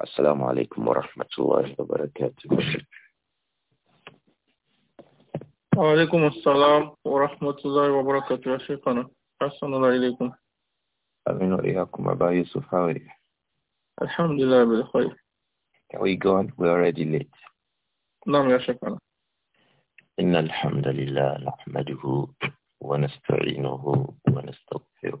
السلام عليكم ورحمة الله وبركاته وعليكم السلام ورحمة الله وبركاته يا شيخنا أحسن الله إليكم أمين وإياكم أبا يوسف how are you? الحمد لله بالخير Can we go on? We're already late نعم يا شيخنا إن الحمد لله نحمده ونستعينه ونستغفره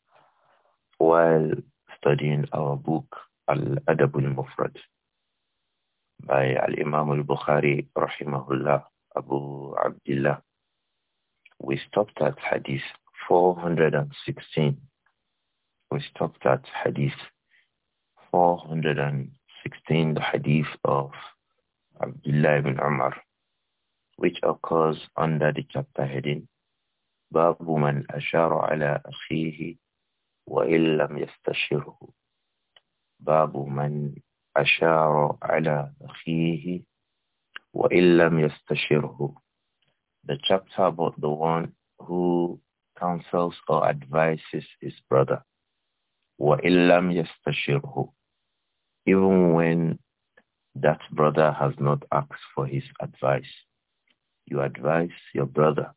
while studying our book Al-Adab al-Mufrad by Al-Imam al-Bukhari rahimahullah Abu Abdullah. We stopped at Hadith 416. We stopped at Hadith 416, the Hadith of Abdullah ibn Umar, which occurs under the chapter heading Babu man ashara ala akhihi وإن لم يستشره باب من أشار على أخيه وإن لم يستشره The chapter about the one who counsels or advises his brother. وإن لم يستشره Even when that brother has not asked for his advice. You advise your brother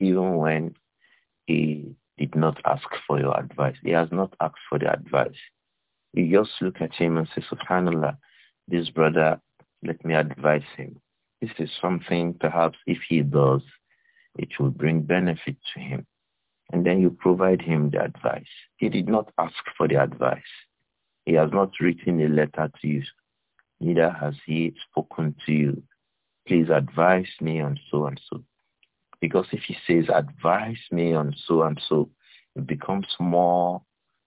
even when he did not ask for your advice. He has not asked for the advice. You just look at him and say, subhanallah, this brother, let me advise him. This is something perhaps if he does, it will bring benefit to him. And then you provide him the advice. He did not ask for the advice. He has not written a letter to you. Neither has he spoken to you. Please advise me and so and so. Because if he says, advise me on so and so, it becomes more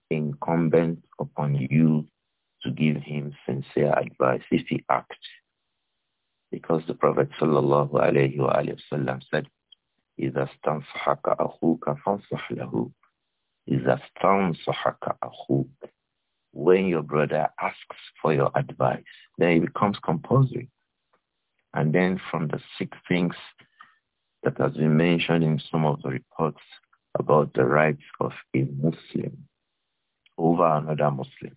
incumbent upon you to give him sincere advice if he acts. Because the Prophet sallallahu alayhi wa sallam said, إِذَا اسْتَنْصَحَكَ أَخُوكَ فَانْصَحْ لَهُ إِذَا اسْتَنْصَحَكَ أَخُوكَ When your brother asks for your advice, then it becomes compulsory. And then from the six things that has been mentioned in some of the reports about the rights of a Muslim over another Muslim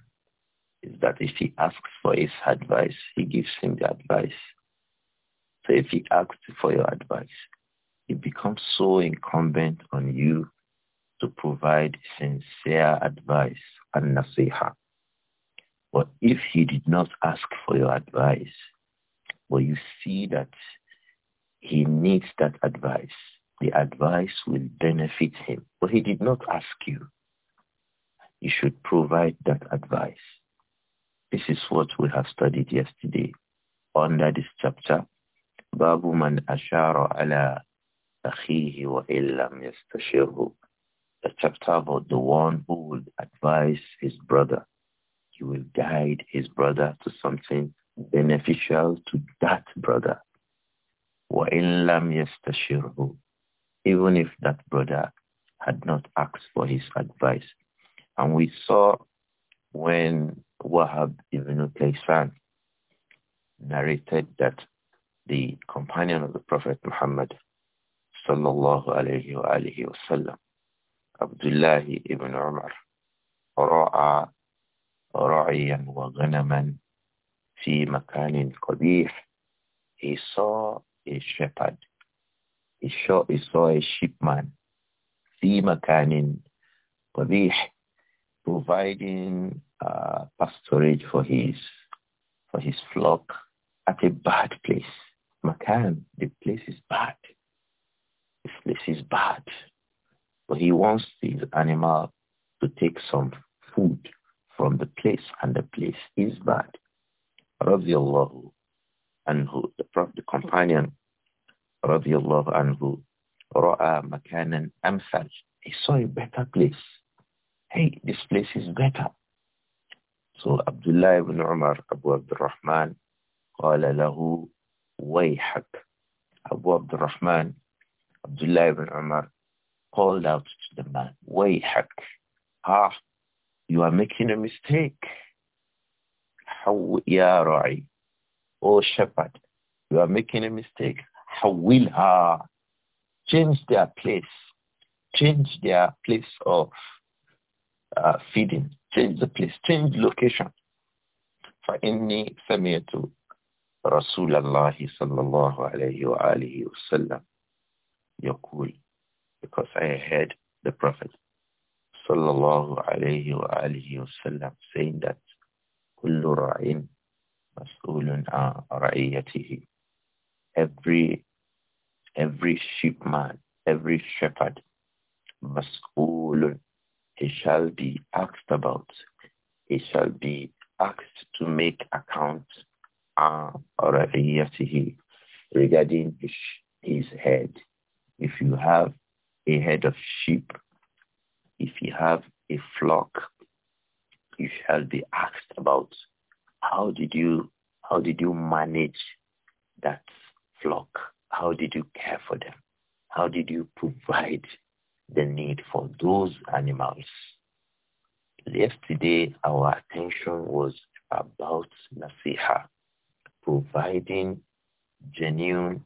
is that if he asks for his advice, he gives him the advice. So if he asks for your advice, it becomes so incumbent on you to provide sincere advice and nasiha. But if he did not ask for your advice, but you see that he needs that advice. The advice will benefit him. But he did not ask you. You should provide that advice. This is what we have studied yesterday under this chapter. Babu man ashara ala akhihi wa illam yastashirhu. The chapter about the one who will advise his brother. He will guide his brother to something beneficial to that brother. وَإِنْ لَمْ يَسْتَشِرْهُ Even if that brother had not asked for his advice. And we saw when Wahab ibn Qaysan narrated that the companion of the Prophet Muhammad sallallahu alayhi wa alihi Abdullah ibn Umar, رأى رعيا وغنما في مكان قبيح. He saw a shepherd. He saw, he saw a sheepman. See makanin providing uh, pasturage for his for his flock at a bad place. Makan, the place is bad. This place is bad. But he wants his animal to take some food from the place and the place is bad. Radiallahu anhu, the, the companion, radiallahu anhu, ra'a makanan amsal. He saw a better place. Hey, this place is better. So Abdullah ibn Umar, Abu Abdurrahman, قال له ويحك Abu Abdurrahman, Abdullah ibn Umar, called out to the man, Wayhak, ah, you are making a mistake. How, Ya Ra'i, O oh, shepherd, you are making a mistake. Hawilha. Change their place. Change their place of uh, feeding. Change the place. Change location. فإني سمعت رسول الله صلى الله عليه وآله وسلم يقول because I heard the Prophet صلى الله عليه وآله وسلم saying that كل راعٍ Mas'ulun ra'iyatihi. Every, every sheepman, every shepherd, mas'ulun, he shall be asked about. He shall be asked to make account ra'iyatihi regarding his, his head. If you have a head of sheep, if you have a flock, you shall be asked about how did you how did you manage that flock? How did you care for them? How did you provide the need for those animals? Yesterday, our attention was about nasiha, providing genuine,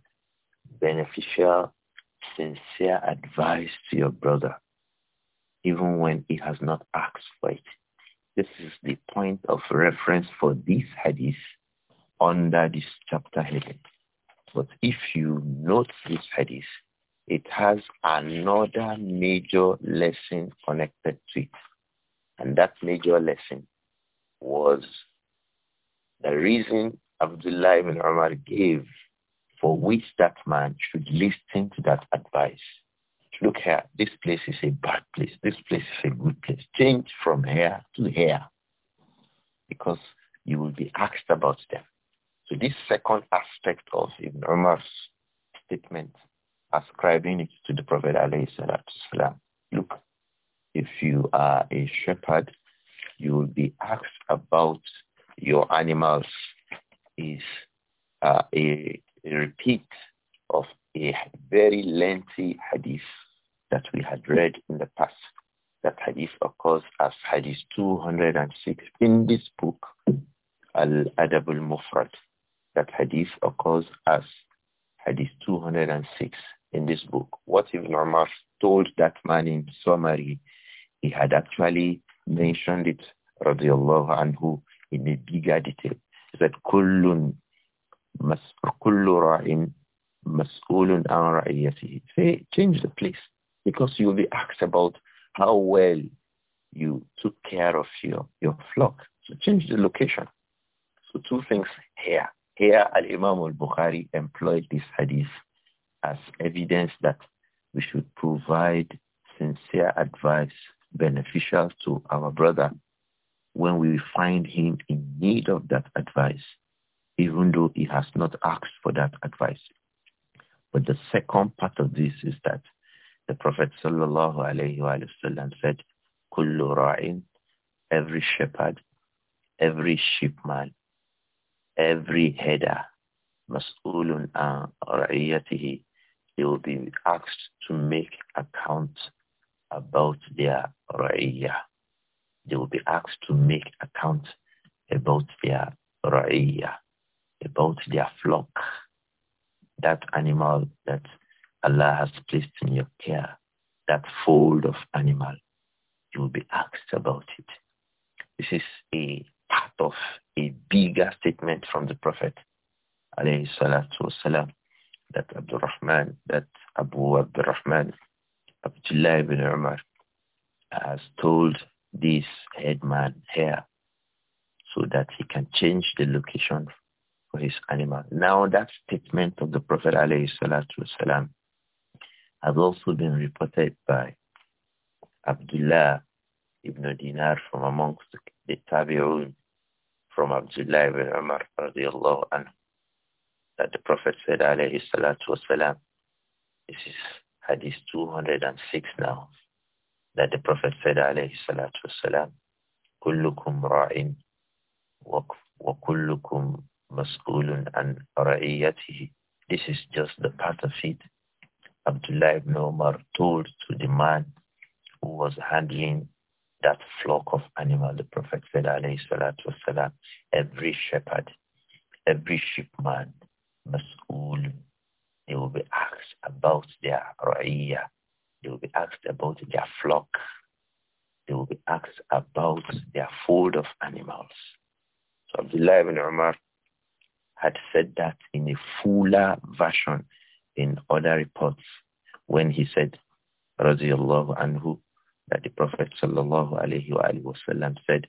beneficial, sincere advice to your brother, even when he has not asked for it. This is the point of reference for this hadith under this chapter heading. But if you note this hadith, it has another major lesson connected to it. And that major lesson was the reason Abdullah ibn Umar gave for which that man should listen to that advice. Look here, this place is a bad place. This place is a good place. Change from here to here because you will be asked about them. So this second aspect of Ibn Umar's statement, ascribing it to the Prophet Islam. Look, if you are a shepherd, you will be asked about your animals is uh, a, a repeat of a very lengthy hadith that we had read in the past. That hadith occurs as hadith 206 in this book, Al-Adab al-Mufrad. That hadith occurs as hadith 206 in this book. What if Umar told that man in summary, he had actually mentioned it, radiallahu anhu, in a bigger detail. that kullun mas kullu ra'in رَعٍ an عن Say, change the place because you will be asked about how well you took care of your, your flock. So change the location. So two things here. Here, Al-Imam al-Bukhari employed this hadith as evidence that we should provide sincere advice beneficial to our brother when we find him in need of that advice, even though he has not asked for that advice. But the second part of this is that the Prophet sallallahu alayhi wa said, Kullu ra'in, every shepherd, every sheepman, every header, mas'ulun an ra'iyatihi, they will be asked to make account about their ra'iyah. They will be asked to make account about their ra'iyah, about their flock, that animal that Allah has placed in your care, that fold of animal, you will be asked about it. This is a part of a bigger statement from the Prophet والسلام, that Abdul Rahman, that Abu Abdul Rahman, Abdullah ibn Umar has told this headman here so that he can change the location for his animal. Now that statement of the Prophet والسلام, has also been reported by Abdullah ibn Dinar from amongst the Tabi'un from Abdullah ibn Umar radiallahu anhu that the Prophet said alayhi salatu wasalam this is hadith 206 now that the Prophet said alayhi salatu wasalam kullukum ra'in wa kullukum mas'ulun an ra'iyatihi this is just the part of it Abdullah ibn Umar told to the man who was handling that flock of animal, the Prophet said, alayhi every shepherd, every sheepman, mas'ul, they will be asked about their ra'iyah. They will be asked about their flock. They will be asked about their fold of animals. So Abdullah ibn Umar had said that in a fuller version in other reports when he said, Radiallahu anhu, that the Prophet sallallahu alayhi wa alayhi wa sallam said,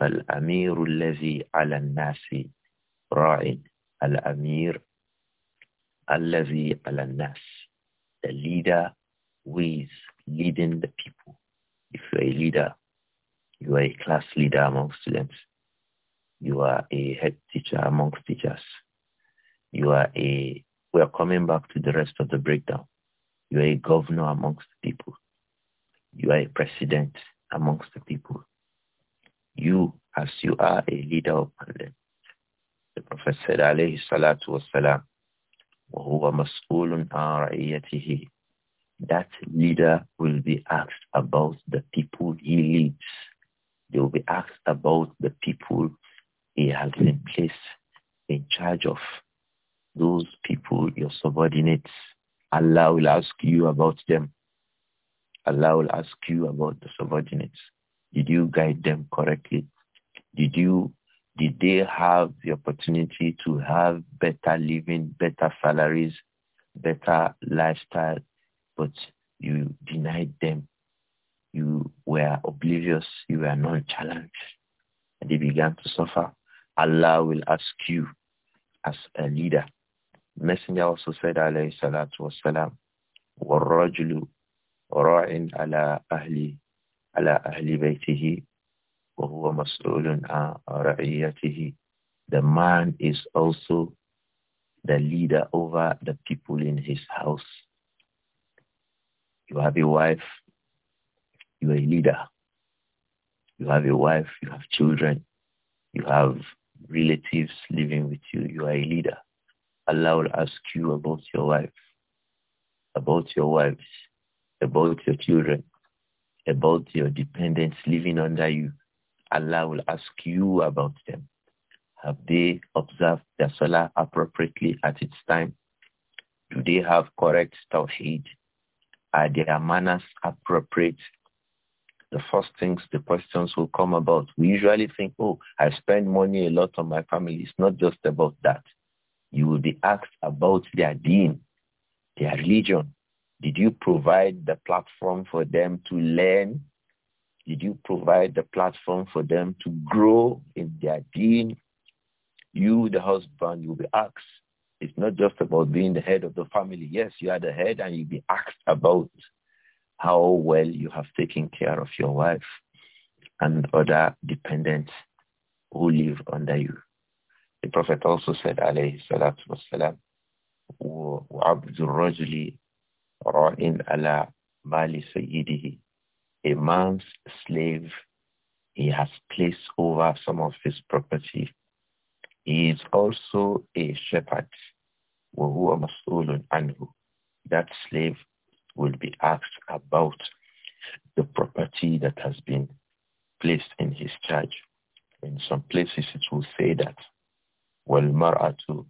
فَالْأَمِيرُ الَّذِي عَلَى النَّاسِ رَاعٍ الْأَمِيرُ الَّذِي عَلَى النَّاسِ The leader who is leading the people. If you are a leader, you are a class leader among students. You are a head teacher among teachers. You are a we are coming back to the rest of the breakdown. You are a governor amongst the people. You are a president amongst the people. You, as you are a leader of them. The Prophet said, alayhi salatu wasalam, وَهُوَ مَسْئُولٌ عَنْ رَعِيَّتِهِ That leader will be asked about the people he leads. They will be asked about the people he has been placed in charge of those people, your subordinates, Allah will ask you about them. Allah will ask you about the subordinates. Did you guide them correctly? Did you did they have the opportunity to have better living, better salaries, better lifestyle, but you denied them. You were oblivious, you were nonchalant. And they began to suffer. Allah will ask you as a leader Messenger also said, alayhi salatu The man is also the leader over the people in his house. You have a wife, you are a leader. You have a wife, you have children, you have relatives living with you, you are a leader. Allah will ask you about your wife, about your wives, about your children, about your dependents living under you. Allah will ask you about them. Have they observed their salah appropriately at its time? Do they have correct tawheed? Are their manners appropriate? The first things, the questions will come about. We usually think, oh, I spend money a lot on my family. It's not just about that. You will be asked about their deen, their religion. Did you provide the platform for them to learn? Did you provide the platform for them to grow in their deen? You, the husband, you'll be asked. It's not just about being the head of the family. Yes, you are the head and you'll be asked about how well you have taken care of your wife and other dependents who live under you. The Prophet also said, alayhi salatu wasalam, وَعَبْدُ الرَّجُلِ رَعِنْ عَلَى مَالِ سَيِّدِهِ A man's slave, he has placed over some of his property. He is also a shepherd. وَهُوَ مَسْئُولٌ عَنْهُ That slave will be asked about the property that has been placed in his charge. In some places it will say that وَالْمَرْأَةُ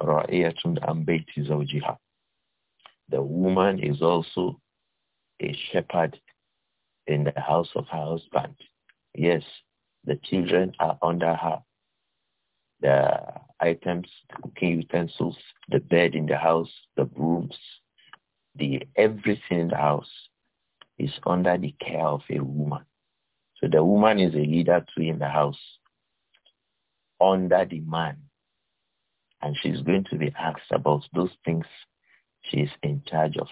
رَائِيَةٌ بَيْتِ زَوْجِهَا The woman is also a shepherd in the house of her husband. Yes, the children are under her. The items, the cooking utensils, the bed in the house, the brooms, the everything in the house is under the care of a woman. So the woman is a leader too in the house under the man. And she's going to be asked about those things she's in charge of.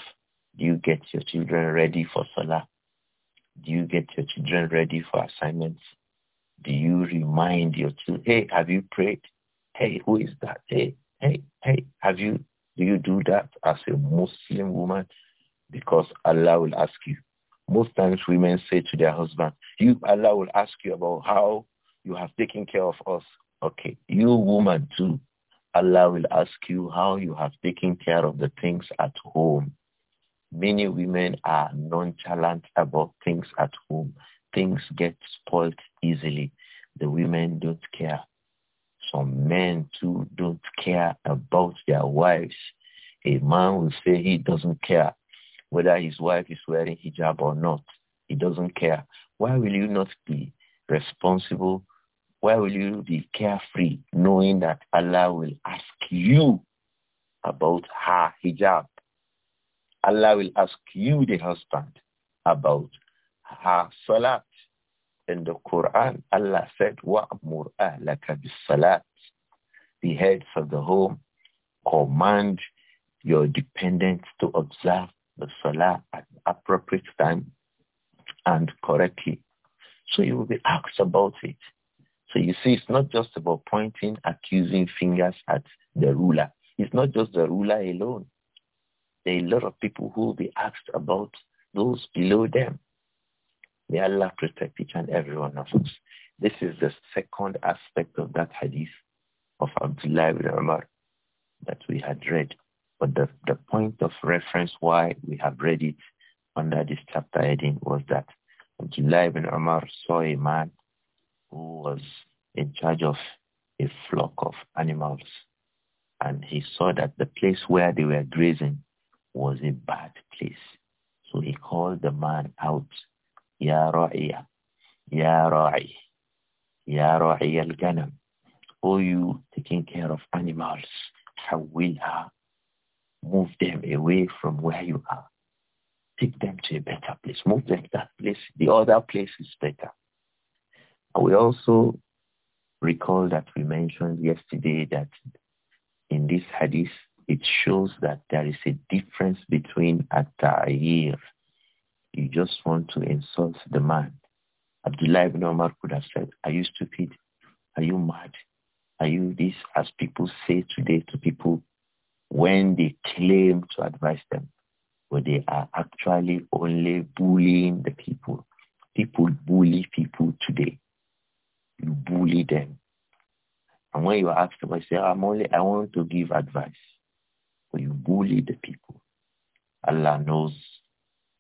Do you get your children ready for Salah? Do you get your children ready for assignments? Do you remind your children, hey, have you prayed? Hey, who is that? Hey, hey, hey, have you, do you do that as a Muslim woman? Because Allah will ask you. Most times women say to their husband, you, Allah will ask you about how you have taken care of us. Okay, you woman too, Allah will ask you how you have taken care of the things at home. Many women are nonchalant about things at home. Things get spoiled easily. The women don't care. Some men too don't care about their wives. A man will say he doesn't care whether his wife is wearing hijab or not. He doesn't care. Why will you not be responsible why will you be carefree knowing that Allah will ask you about her hijab? Allah will ask you, the husband, about her salat. In the Quran, Allah said, وَأْمُرْ أَهْلَكَ salat." The heads of the home command your dependents to observe the salah at the appropriate time and correctly. So you will be asked about it. So you see, it's not just about pointing accusing fingers at the ruler. It's not just the ruler alone. There are a lot of people who will be asked about those below them. May Allah protect each and every one of us. This is the second aspect of that hadith of Abdullah ibn Umar that we had read. But the, the point of reference why we have read it under this chapter heading was that Abdullah ibn Umar saw a man who was in charge of a flock of animals. And he saw that the place where they were grazing was a bad place. So he called the man out, Ya Ra'iya, Ya Ra'i, Ya Ra'i al-Ganam, O you taking care of animals, Hawilha, move them away from where you are. Take them to a better place. Move them to that place. The other place is better. We also recall that we mentioned yesterday that in this hadith, it shows that there is a difference between at-ta'ir. You just want to insult the man. Abdullah ibn Omar could have said, are you stupid? Are you mad? Are you this? As people say today to people when they claim to advise them, but they are actually only bullying the people. People bully people them. And when you ask them, I say, I'm only, I want to give advice. But you bully the people. Allah knows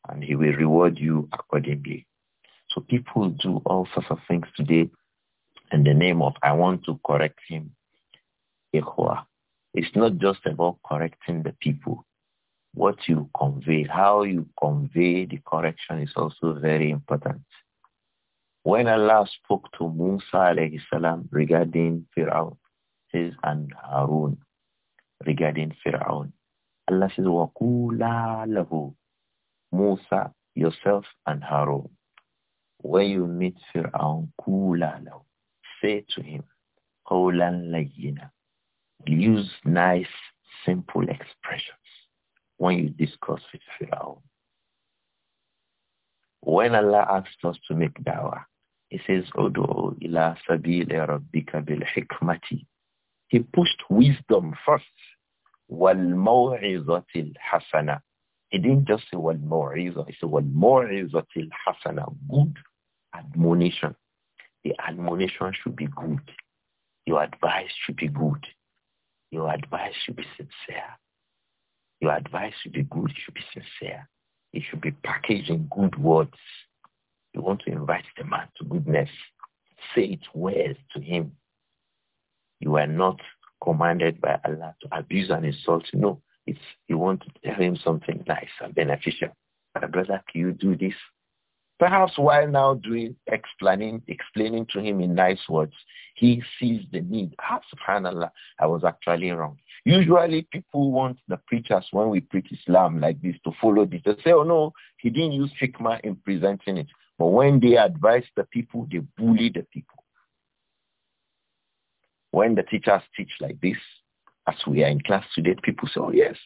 and he will reward you accordingly. So people do all sorts of things today in the name of, I want to correct him. It's not just about correcting the people. What you convey, how you convey the correction is also very important. When Allah spoke to Musa alayhi salam regarding Fir'aun, His and Harun regarding Fir'aun, Allah says, وَقُولَا lahu, Musa, yourself and Harun. When you meet Fir'aun, قُولَا Say to him, قَوْلًا لَيِّنَا Use nice, simple expressions when you discuss with Fir'aun. When Allah asked us to make dawah, he says, "Odo ila sabili rabbika bil hikmati. He pushed wisdom first. Wal maw'izatil hasana. He didn't just say wal maw'iza. He said wal maw'izatil hasana. Good admonition. The admonition should be good. Your advice should be good. Your advice should be sincere. Your advice should be good. It should be sincere. It should be packaged in good words you want to invite the man to goodness. Say it well to him. You are not commanded by Allah to abuse and insult. No, it's you want to tell him something nice and beneficial. My brother, can you do this? Perhaps while now doing explaining explaining to him in nice words, he sees the need. Ah, subhanallah, I was actually wrong. Usually people want the preachers when we preach Islam like this to follow this. They say, oh no, he didn't use hikmah in presenting it. But when they advise the people, they bully the people. When the teachers teach like this, as we are in class today, people say, oh yes,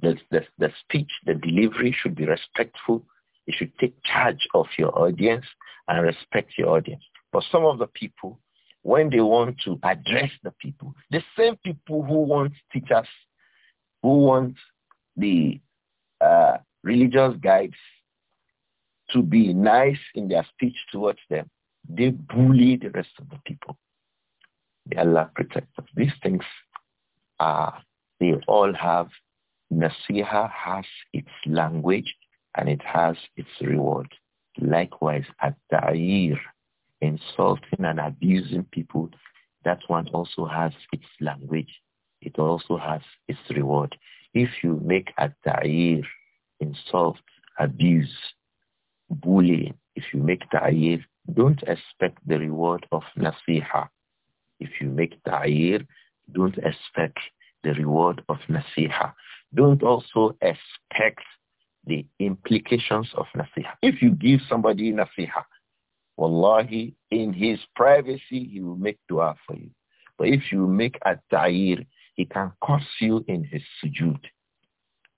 the, the, the speech, the delivery should be respectful. You should take charge of your audience and respect your audience. But some of the people, when they want to address the people, the same people who want teachers, who want the uh, religious guides to be nice in their speech towards them, they bully the rest of the people. May Allah protect us. These things are, they all have, Nasiha has its language and it has its reward. Likewise, At-Ta'ir, insulting and abusing people, that one also has its language. It also has its reward. If you make At-Ta'ir, insult, abuse, bullying, if you make ta'ir, don't expect the reward of nasiha. If you make ta'ir, don't expect the reward of nasiha. Don't also expect the implications of nasiha. If you give somebody nasiha, wallahi, in his privacy, he will make dua for you. But if you make a ta'ir, he can curse you in his sujood.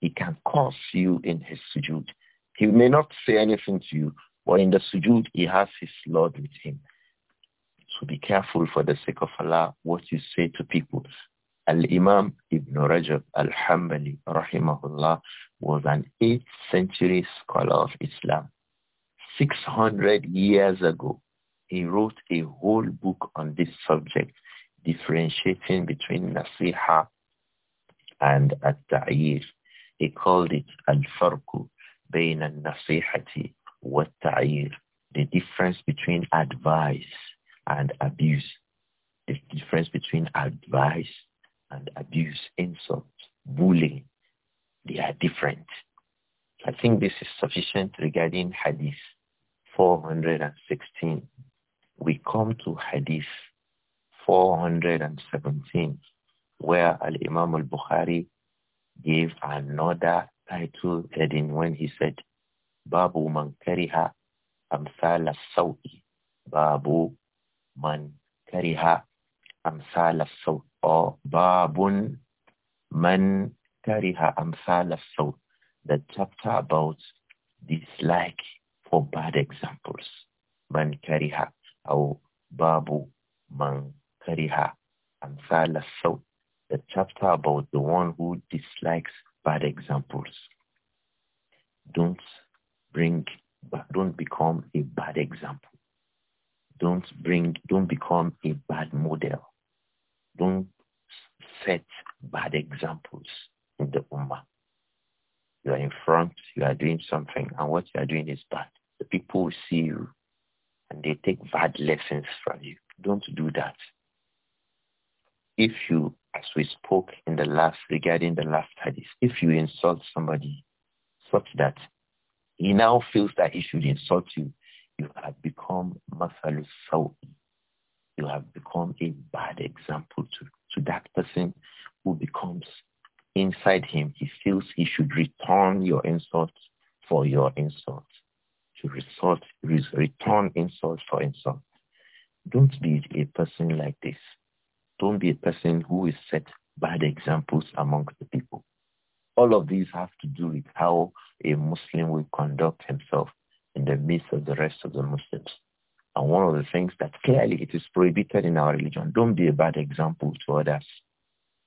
He can curse you in his sujood. He may not say anything to you, but in the sujood, he has his Lord with him. So be careful for the sake of Allah what you say to people. Al-Imam Ibn Rajab al-Hambali, rahimahullah, was an 8th century scholar of Islam. 600 years ago, he wrote a whole book on this subject, differentiating between nasiha and at-ta'ir. He called it al-farku بين النصيحة والتعيير the difference between advice and abuse the difference between advice and abuse insult bullying they are different I think this is sufficient regarding hadith 416 we come to hadith 417 where al-Imam al-Bukhari gave another title heading when he said, Babu man kariha amsal sawi Babu man kariha amsal sawi or Babun man kariha amsal sawi The chapter about dislike for bad examples. Man kariha or Babu man kariha amsal The chapter about the one who dislikes bad examples. Don't bring, don't become a bad example. Don't bring, don't become a bad model. Don't set bad examples in the Ummah. You are in front, you are doing something, and what you are doing is bad. The people see you, and they take bad lessons from you. Don't do that if you, as we spoke in the last, regarding the last hadith, if you insult somebody such that he now feels that he should insult you, you have become masalus You have become a bad example to, to that person who becomes inside him. He feels he should return your insult for your insult. To resort, return insult for insult. Don't be a person like this. Don't be a person who is set bad examples amongst the people. All of these have to do with how a Muslim will conduct himself in the midst of the rest of the Muslims. And one of the things that clearly it is prohibited in our religion, don't be a bad example to others.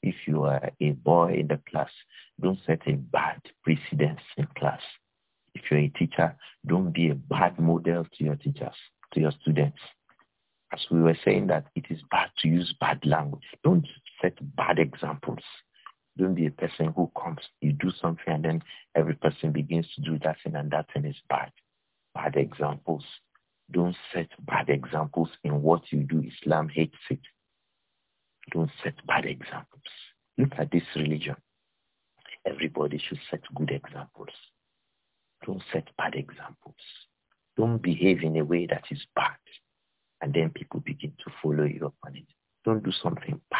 If you are a boy in the class, don't set a bad precedence in class. If you're a teacher, don't be a bad model to your teachers, to your students as we were saying that it is bad to use bad language. Don't set bad examples. Don't be a person who comes, you do something and then every person begins to do that thing and that thing is bad. Bad examples. Don't set bad examples in what you do. Islam hates it. Don't set bad examples. Look at this religion. Everybody should set good examples. Don't set bad examples. Don't behave in a way that is bad and then people begin to follow you up on it. Don't do something bad.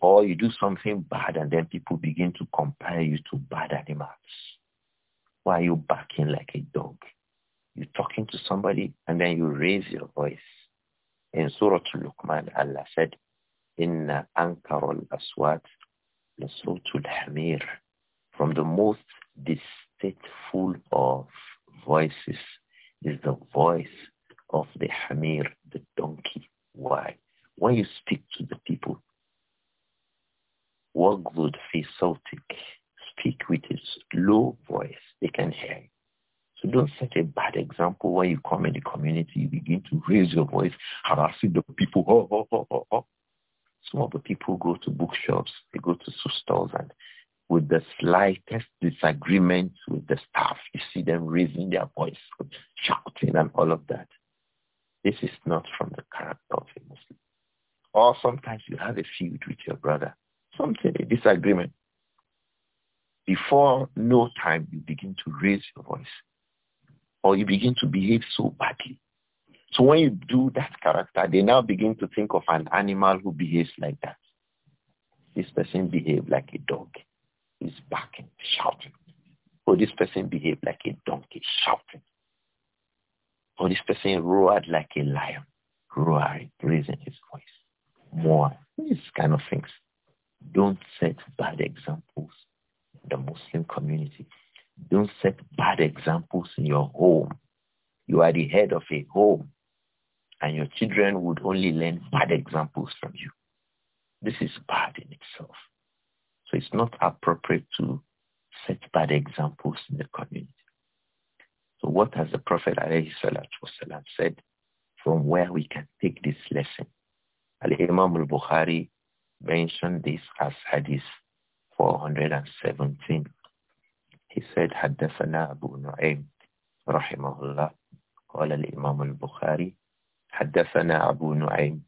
Or you do something bad and then people begin to compare you to bad animals. Why are you barking like a dog? You're talking to somebody and then you raise your voice. In Surah Luqman, Allah said, Inna ankarul aswat lasawtul hamir. From the most distasteful of voices is the voice of the hamir, the donkey. Why? When you speak to the people, وَغْضُدْ fi صَوْتِكَ Speak with a low voice. They can hear you. So don't set a bad example when you come in the community. You begin to raise your voice, harassing the people. Oh, oh, oh, oh, Some of the people go to bookshops, they go to stores, and with the slightest disagreement with the staff, you see them raising their voice, shouting and all of that. This is not from the character of a Muslim. Or sometimes you have a feud with your brother, something, a disagreement. Before no time, you begin to raise your voice or you begin to behave so badly. So when you do that character, they now begin to think of an animal who behaves like that. This person behaved like a dog. He's barking, shouting. Or this person behaved like a donkey, shouting. Or oh, this person roared like a lion, roaring, raising his voice. More, these kind of things. Don't set bad examples in the Muslim community. Don't set bad examples in your home. You are the head of a home and your children would only learn bad examples from you. This is bad in itself. So it's not appropriate to set bad examples in the community. So what has the Prophet والسلام, said from where we can take this lesson? Al-Imam al-Bukhari mentioned this as Hadith 417. He said, حدثنا أبو نعيم رحمه الله قال الإمام البخاري حدثنا أبو نعيم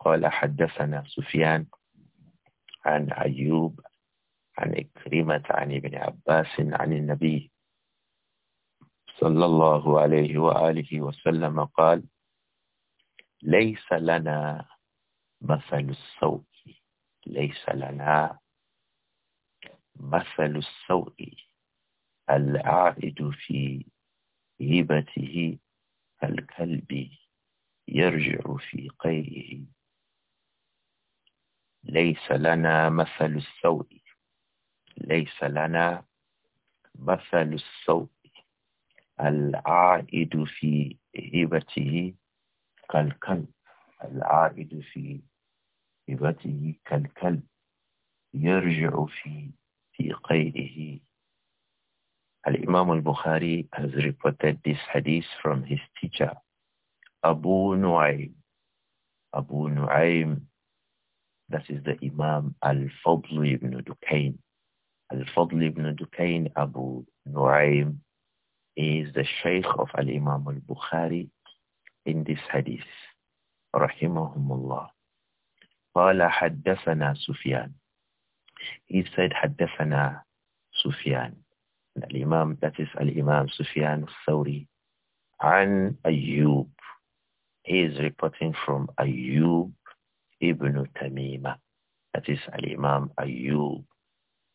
قال حدثنا سفيان عن أيوب عن إكرمة عن ابن عباس عن النبي صلى الله عليه وآله وسلم قال ليس لنا مثل السوء ليس لنا مثل السوء العائد في هبته الكلب يرجع في قيره ليس لنا مثل السوء ليس لنا مثل السوء العائد في هبته كالكلب العائد في هبته كالكلب يرجع في في قيده الإمام البخاري has reported this hadith from his teacher Abu Nuaym Abu Nuaym that is the Imam al fadli ibn Dukayn al fadli ibn Dukayn Abu Nuaym is the Shaykh of Al-Imam al-Bukhari in this hadith. Rahimahumullah. قال حدثنا Sufyan. He said حدثنا Sufyan. Al-Imam, that is Al-Imam Sufyan Thawri. An Ayyub. He is reporting from Ayyub ibn Tamima. That is Al-Imam Ayyub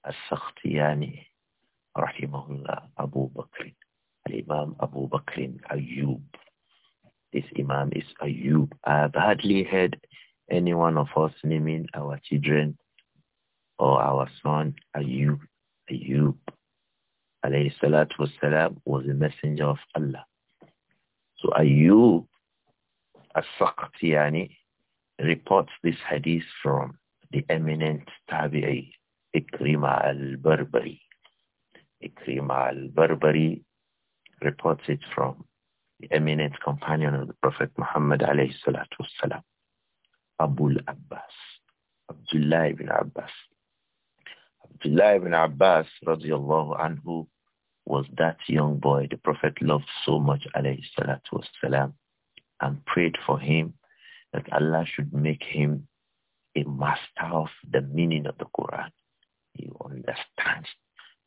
As-Sakhtiyani. Rahimahullah Abu Bakr. Imam Abu Bakr Ayub. This Imam is Ayub. I have hardly heard any one of us naming our children or our son Ayub. Ayub alayhi salatu wasalam was a messenger of Allah. So Ayub as-Saqtiyani reports this hadith from the eminent Tabi'i Ikrima al-Barbari. Ikrima al-Barbari reports it from the eminent companion of the Prophet Muhammad alayhi salatu wasalam, Abul Abbas, Abdullah ibn Abbas. Abdullah ibn Abbas radiallahu anhu was that young boy the Prophet loved so much alayhi salatu wasalam and prayed for him that Allah should make him a master of the meaning of the Quran. He understands.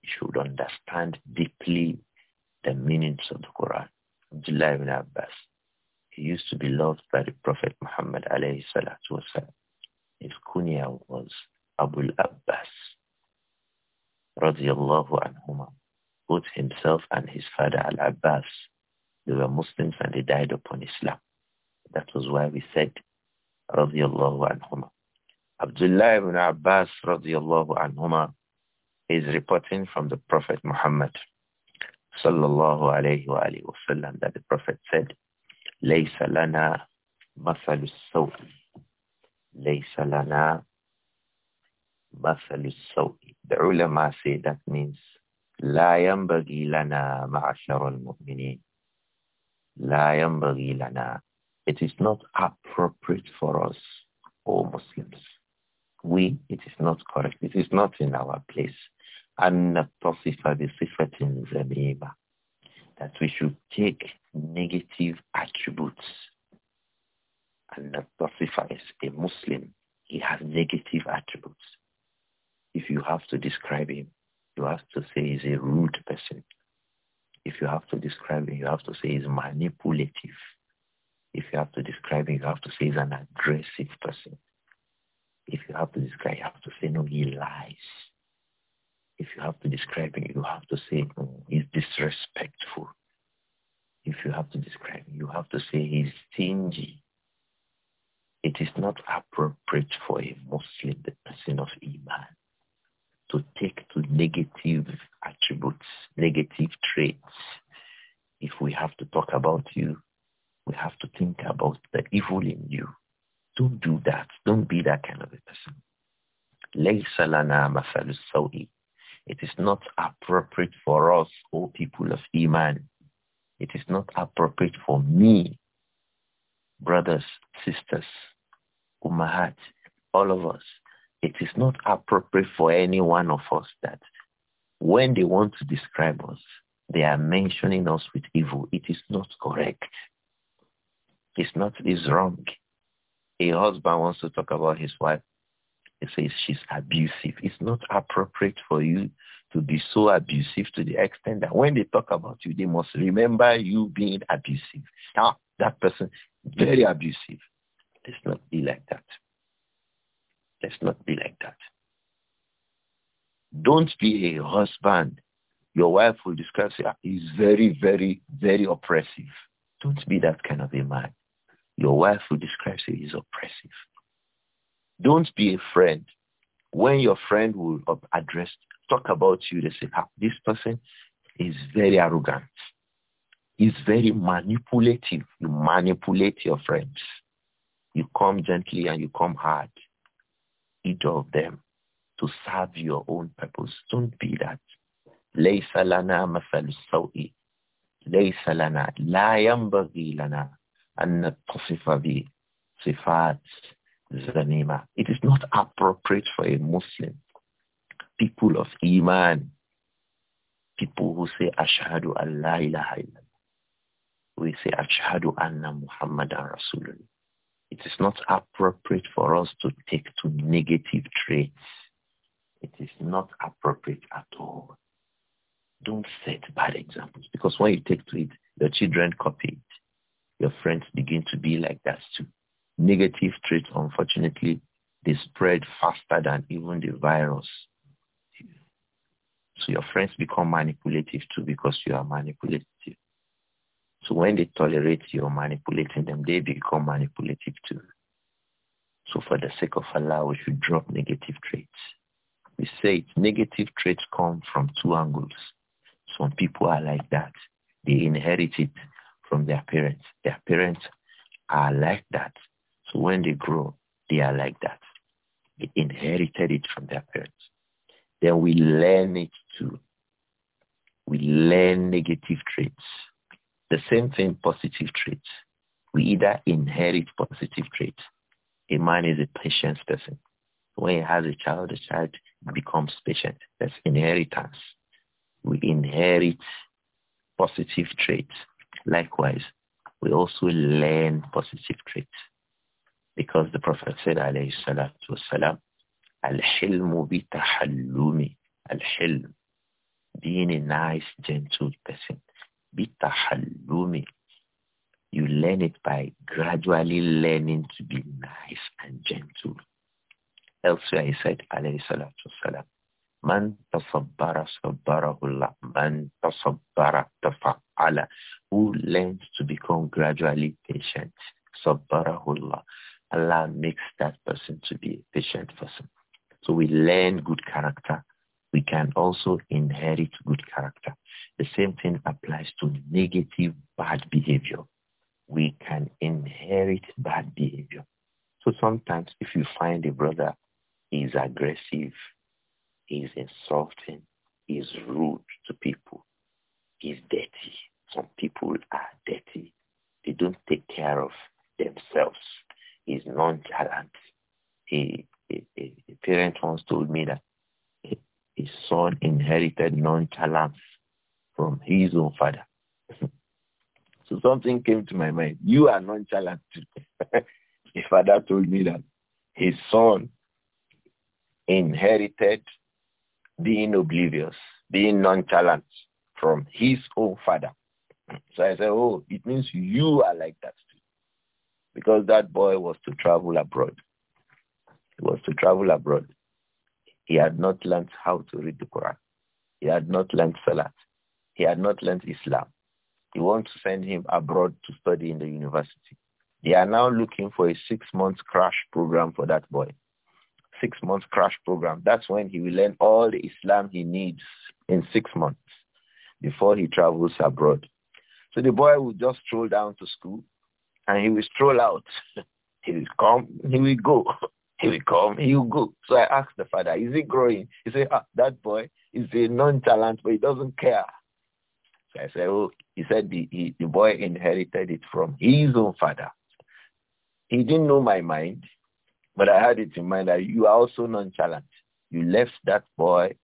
He should understand deeply the meanings of the Quran. Abdullah ibn Abbas, he used to be loved by the Prophet Muhammad alayhi salatu wasalam. His kunya was Abu Abbas radiallahu anhuma. Both himself and his father Al-Abbas, they were Muslims and they died upon Islam. That was why we said radiallahu anhuma. Abdullah ibn Abbas radiallahu anhuma is reporting from the Prophet Muhammad sallallahu alayhi wa alayhi wa sallam, that the Prophet said, لَيْسَ لَنَا مَثَلُ السَّوْءِ لَيْسَ لَنَا مَثَلُ السَّوْءِ The ulama say that means لا ينبغي لنا معشر المؤمنين لا ينبغي لنا It is not appropriate for us, all Muslims. We, it is not correct. It is not in our place أن نتصف بصفة ذميمة that we should take negative attributes and نتصف is a Muslim he has negative attributes if you have to describe him you have to say he's a rude person if you have to describe him you have to say he's manipulative if you have to describe him you have to say he's an aggressive person if you have to describe you have to say no he lies if you have to describe him, you have to say oh, he's disrespectful. If you have to describe him, you have to say he's stingy. It is not appropriate for a Muslim, the person of Iman, to take to negative attributes, negative traits. If we have to talk about you, we have to think about the evil in you. Don't do that. Don't be that kind of a person. ليس لنا مثل not appropriate for us, O people of Iman. It is not appropriate for me, brothers, sisters, Umahat, all of us. It is not appropriate for any one of us that when they want to describe us, they are mentioning us with evil. It is not correct. It's not, it's wrong. A husband wants to talk about his wife. He says she's abusive. It's not appropriate for you so abusive to the extent that when they talk about you, they must remember you being abusive. Ah, that person, very abusive. Let's not be like that. Let's not be like that. Don't be a husband. Your wife will describe, you he's very, very, very oppressive. Don't be that kind of a man. Your wife will describe, you he's oppressive. Don't be a friend. When your friend will address talk about you, they say, ah, this person is very arrogant. He's very manipulative. You manipulate your friends. You come gently and you come hard. Each of them to serve your own purpose. Don't be that. ليس لنا مثل السوء ليس لنا لا ينبغي لنا أن It is not appropriate for a Muslim people of Iman, people who say, Ashhadu Allah ilaha illallah. We say, Ashhadu anna Muhammadan Rasulullah. It is not appropriate for us to take to negative traits. It is not appropriate at all. Don't set bad examples because when you take to it, your children copy it. Your friends begin to be like that too. Negative traits, unfortunately, they spread faster than even the virus. So your friends become manipulative too because you are manipulative. So when they tolerate you manipulating them, they become manipulative too. So for the sake of Allah, we should drop negative traits. We say it, negative traits come from two angles. Some people are like that. They inherit it from their parents. Their parents are like that. So when they grow, they are like that. They inherited it from their parents. Then we learn it learn negative traits. The same thing, positive traits. We either inherit positive traits. A man is a patient person. When he has a child, the child becomes patient. That's inheritance. We inherit positive traits. Likewise, we also learn positive traits. Because the Prophet said, alayhi salatu wasalam, al-hilmu bi tahallumi, al-hilm, being a nice, gentle person. Bitahallumi. You learn it by gradually learning to be nice and gentle. Elsewhere he said, alayhi salatu salam, Man tasabbara sabbarahullah. Man tasabbara tafa'ala. Who learns to become gradually patient. Sabbarahullah. Allah makes that person to be a patient person. So we learn good character we can also inherit good character. The same thing applies to negative bad behavior. We can inherit bad behavior. So sometimes if you find a brother is aggressive, he's insulting, he's rude to people, he's dirty. Some people are dirty. They don't take care of themselves. He's nonchalant. A, a, a parent once told me that his son inherited nonchalance from his own father. so something came to my mind. You are nonchalant too. His father told me that his son inherited being oblivious, being nonchalant from his own father. So I said, oh, it means you are like that too. Because that boy was to travel abroad. He was to travel abroad. He had not learned how to read the Quran. He had not learned Salat. He had not learned Islam. They want to send him abroad to study in the university. They are now looking for a six-month crash program for that boy. Six-month crash program. That's when he will learn all the Islam he needs in six months before he travels abroad. So the boy will just stroll down to school and he will stroll out. he will come, he will go. He will come, he will go. So I asked the father, is he growing? He said, ah, that boy is a non-talent, but he doesn't care. So I said, oh, he said the, he, the boy inherited it from his own father. He didn't know my mind, but I had it in mind that you are also talent You left that boy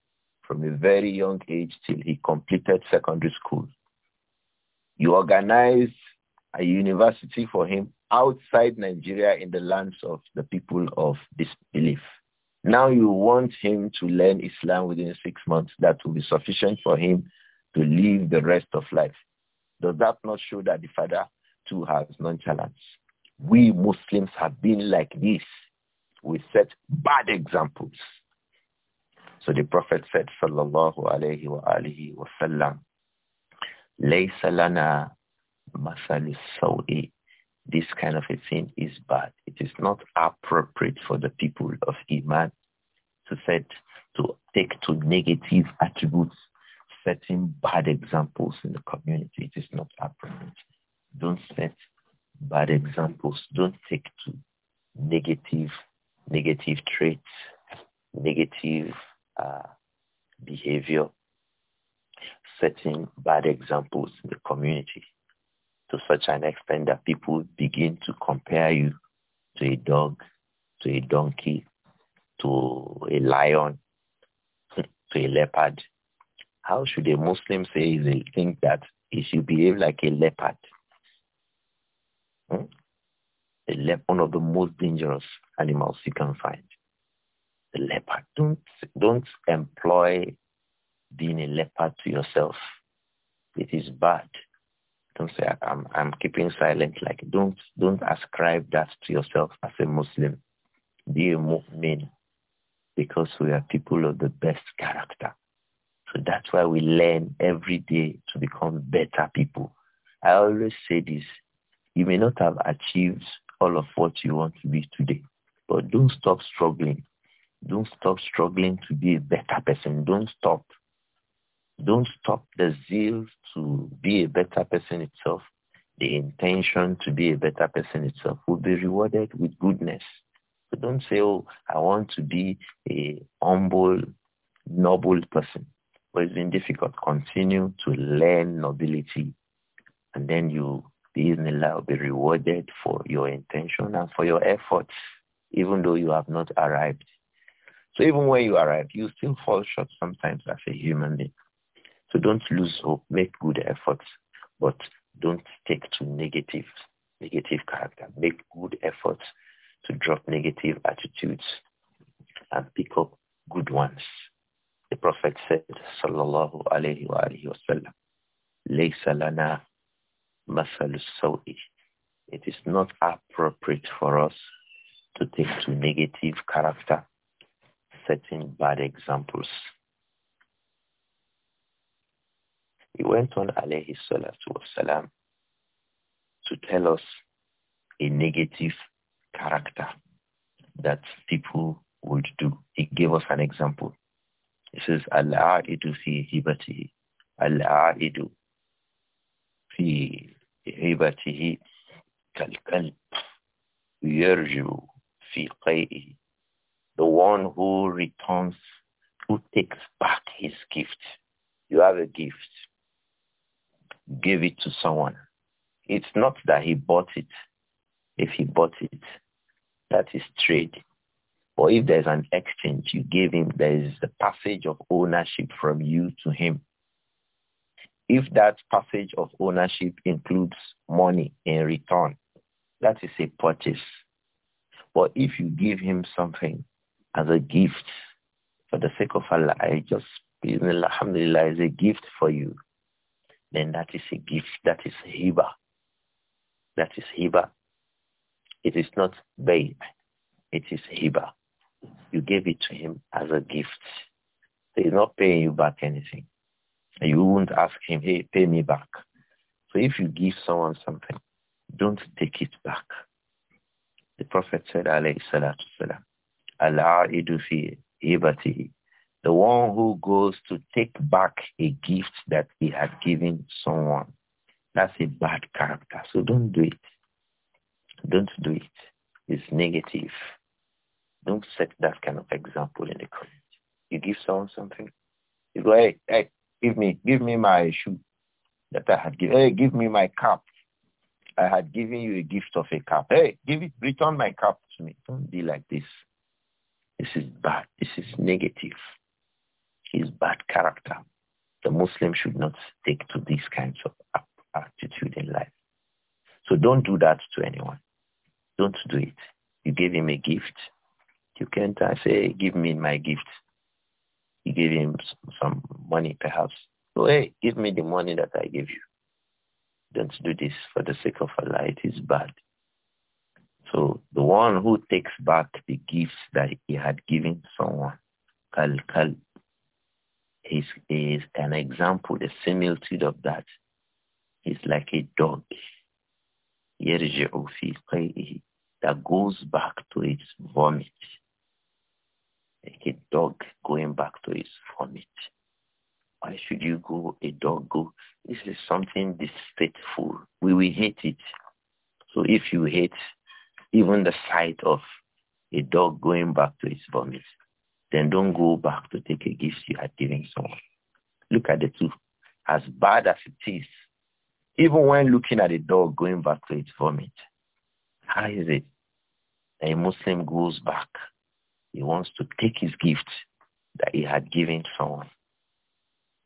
from a very young age till he completed secondary school. You organized a university for him outside Nigeria in the lands of the people of disbelief. Now you want him to learn Islam within six months. That will be sufficient for him to live the rest of life. Does that not show that the father too has nonchalance? We Muslims have been like this. We set bad examples. So the Prophet said, Sallallahu alayhi wa alihi wa sallam, لَيْسَ لَنَا مَثَلُ السَّوْءِ this kind of a thing is bad. It is not appropriate for the people of Iman to set to take to negative attributes, setting bad examples in the community. It is not appropriate. Don't set bad examples. Don't take to negative negative traits, negative uh, behavior, setting bad examples in the community to such an extent that people begin to compare you to a dog, to a donkey, to a lion, to a leopard. How should a Muslim say they think that he should behave like a leopard? Hmm? A le- one of the most dangerous animals you can find. The leopard. Don't don't employ being a leopard to yourself. It is bad. Don't say I'm I'm keeping silent. Like don't don't ascribe that to yourself as a Muslim. Be a mu'min because we are people of the best character. So that's why we learn every day to become better people. I always say this. You may not have achieved all of what you want to be today, but don't stop struggling. Don't stop struggling to be a better person. Don't stop. Don't stop the zeal to be a better person itself. The intention to be a better person itself will be rewarded with goodness. So don't say, oh, I want to be a humble, noble person. But it's been difficult. Continue to learn nobility. And then you, Bismillah, will be rewarded for your intention and for your efforts, even though you have not arrived. So even when you arrive, you still fall short sometimes as a human being. So don't lose hope. Make good efforts, but don't take to negative, negative character. Make good efforts to drop negative attitudes and pick up good ones. The Prophet said, Sallallahu alayhi wa alayhi wasallam, Laysa It is not appropriate for us to take to negative character, setting bad examples. He went on alayhi salatu wasalam to tell us a negative character that people would do. He gave us an example. He says, Al-a'idu fi hibatihi. Al-a'idu fi hibatihi kal-kalb. Yarju fi qay'ihi. The one who returns, who takes back his gift. You have a gift gave it to someone. It's not that he bought it. If he bought it, that is trade. Or if there's an exchange, you gave him, there is the passage of ownership from you to him. If that passage of ownership includes money in return, that is a purchase. But if you give him something as a gift, for the sake of Allah, I just, Alhamdulillah, is a gift for you then that is a gift. That is hiba. That is hiba. It is not babe. It is hiba. You gave it to him as a gift. He's not paying you back anything. You won't ask him, hey, pay me back. So if you give someone something, don't take it back. The Prophet said, alayhi salatu salam, Allah aidu fi the one who goes to take back a gift that he had given someone. That's a bad character. So don't do it. Don't do it. It's negative. Don't set that kind of example in the community. You give someone something, you go, hey, hey, give me, give me my shoe that I had given. Hey, give me my cap. I had given you a gift of a cap. Hey, give it, return my cap to me. Don't be like this. This is bad. This is negative is bad character. The Muslim should not stick to these kinds of attitude in life. So don't do that to anyone. Don't do it. You gave him a gift. You can't say, give me my gift. You gave him some money perhaps. So oh, hey, give me the money that I gave you. Don't do this for the sake of Allah. It is bad. So the one who takes back the gifts that he had given someone, kal kal, is, is an example, the similitude of that is like a dog that goes back to its vomit. Like a dog going back to its vomit. Why should you go, a dog go? This is something distasteful. We will hate it. So if you hate even the sight of a dog going back to its vomit, then don't go back to take a gift you had given someone. Look at the two. As bad as it is, even when looking at a dog going back to its vomit, how is it? A Muslim goes back. He wants to take his gift that he had given someone.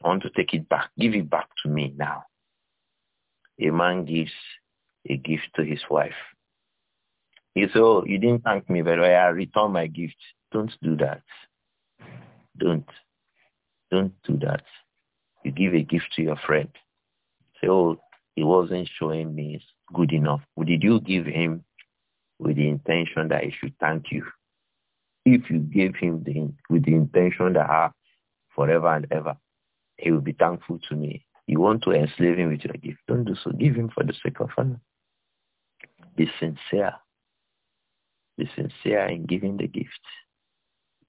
I want to take it back. Give it back to me now. A man gives a gift to his wife. He said, oh, you didn't thank me but I return my gift. Don't do that. Don't. Don't do that. You give a gift to your friend. Say, oh, he wasn't showing me good enough. What did you give him with the intention that he should thank you? If you gave him the, with the intention that ah, forever and ever, he will be thankful to me. You want to enslave him with your gift. Don't do so. Give him for the sake of honor. Be sincere. Be sincere in giving the gift.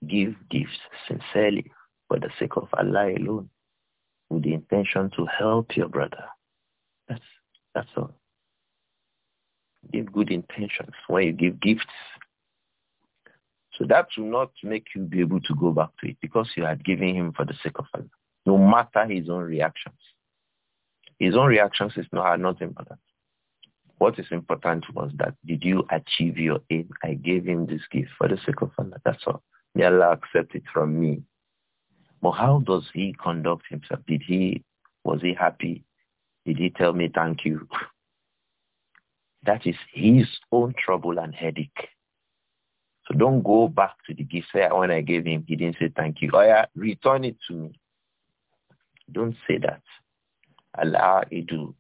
Give gifts sincerely for the sake of Allah alone with the intention to help your brother. That's, that's all. Give good intentions when you give gifts. So that will not make you be able to go back to it because you had given him for the sake of Allah, no matter his own reactions. His own reactions is not, are not important. What is important was that did you achieve your aim? I gave him this gift for the sake of Allah. That's all. May Allah accept it from me. But how does he conduct himself? Did he, was he happy? Did he tell me thank you? That is his own trouble and headache. So don't go back to the gift. Say, when I gave him, he didn't say thank you. Oh yeah, return it to me. Don't say that. Allah idu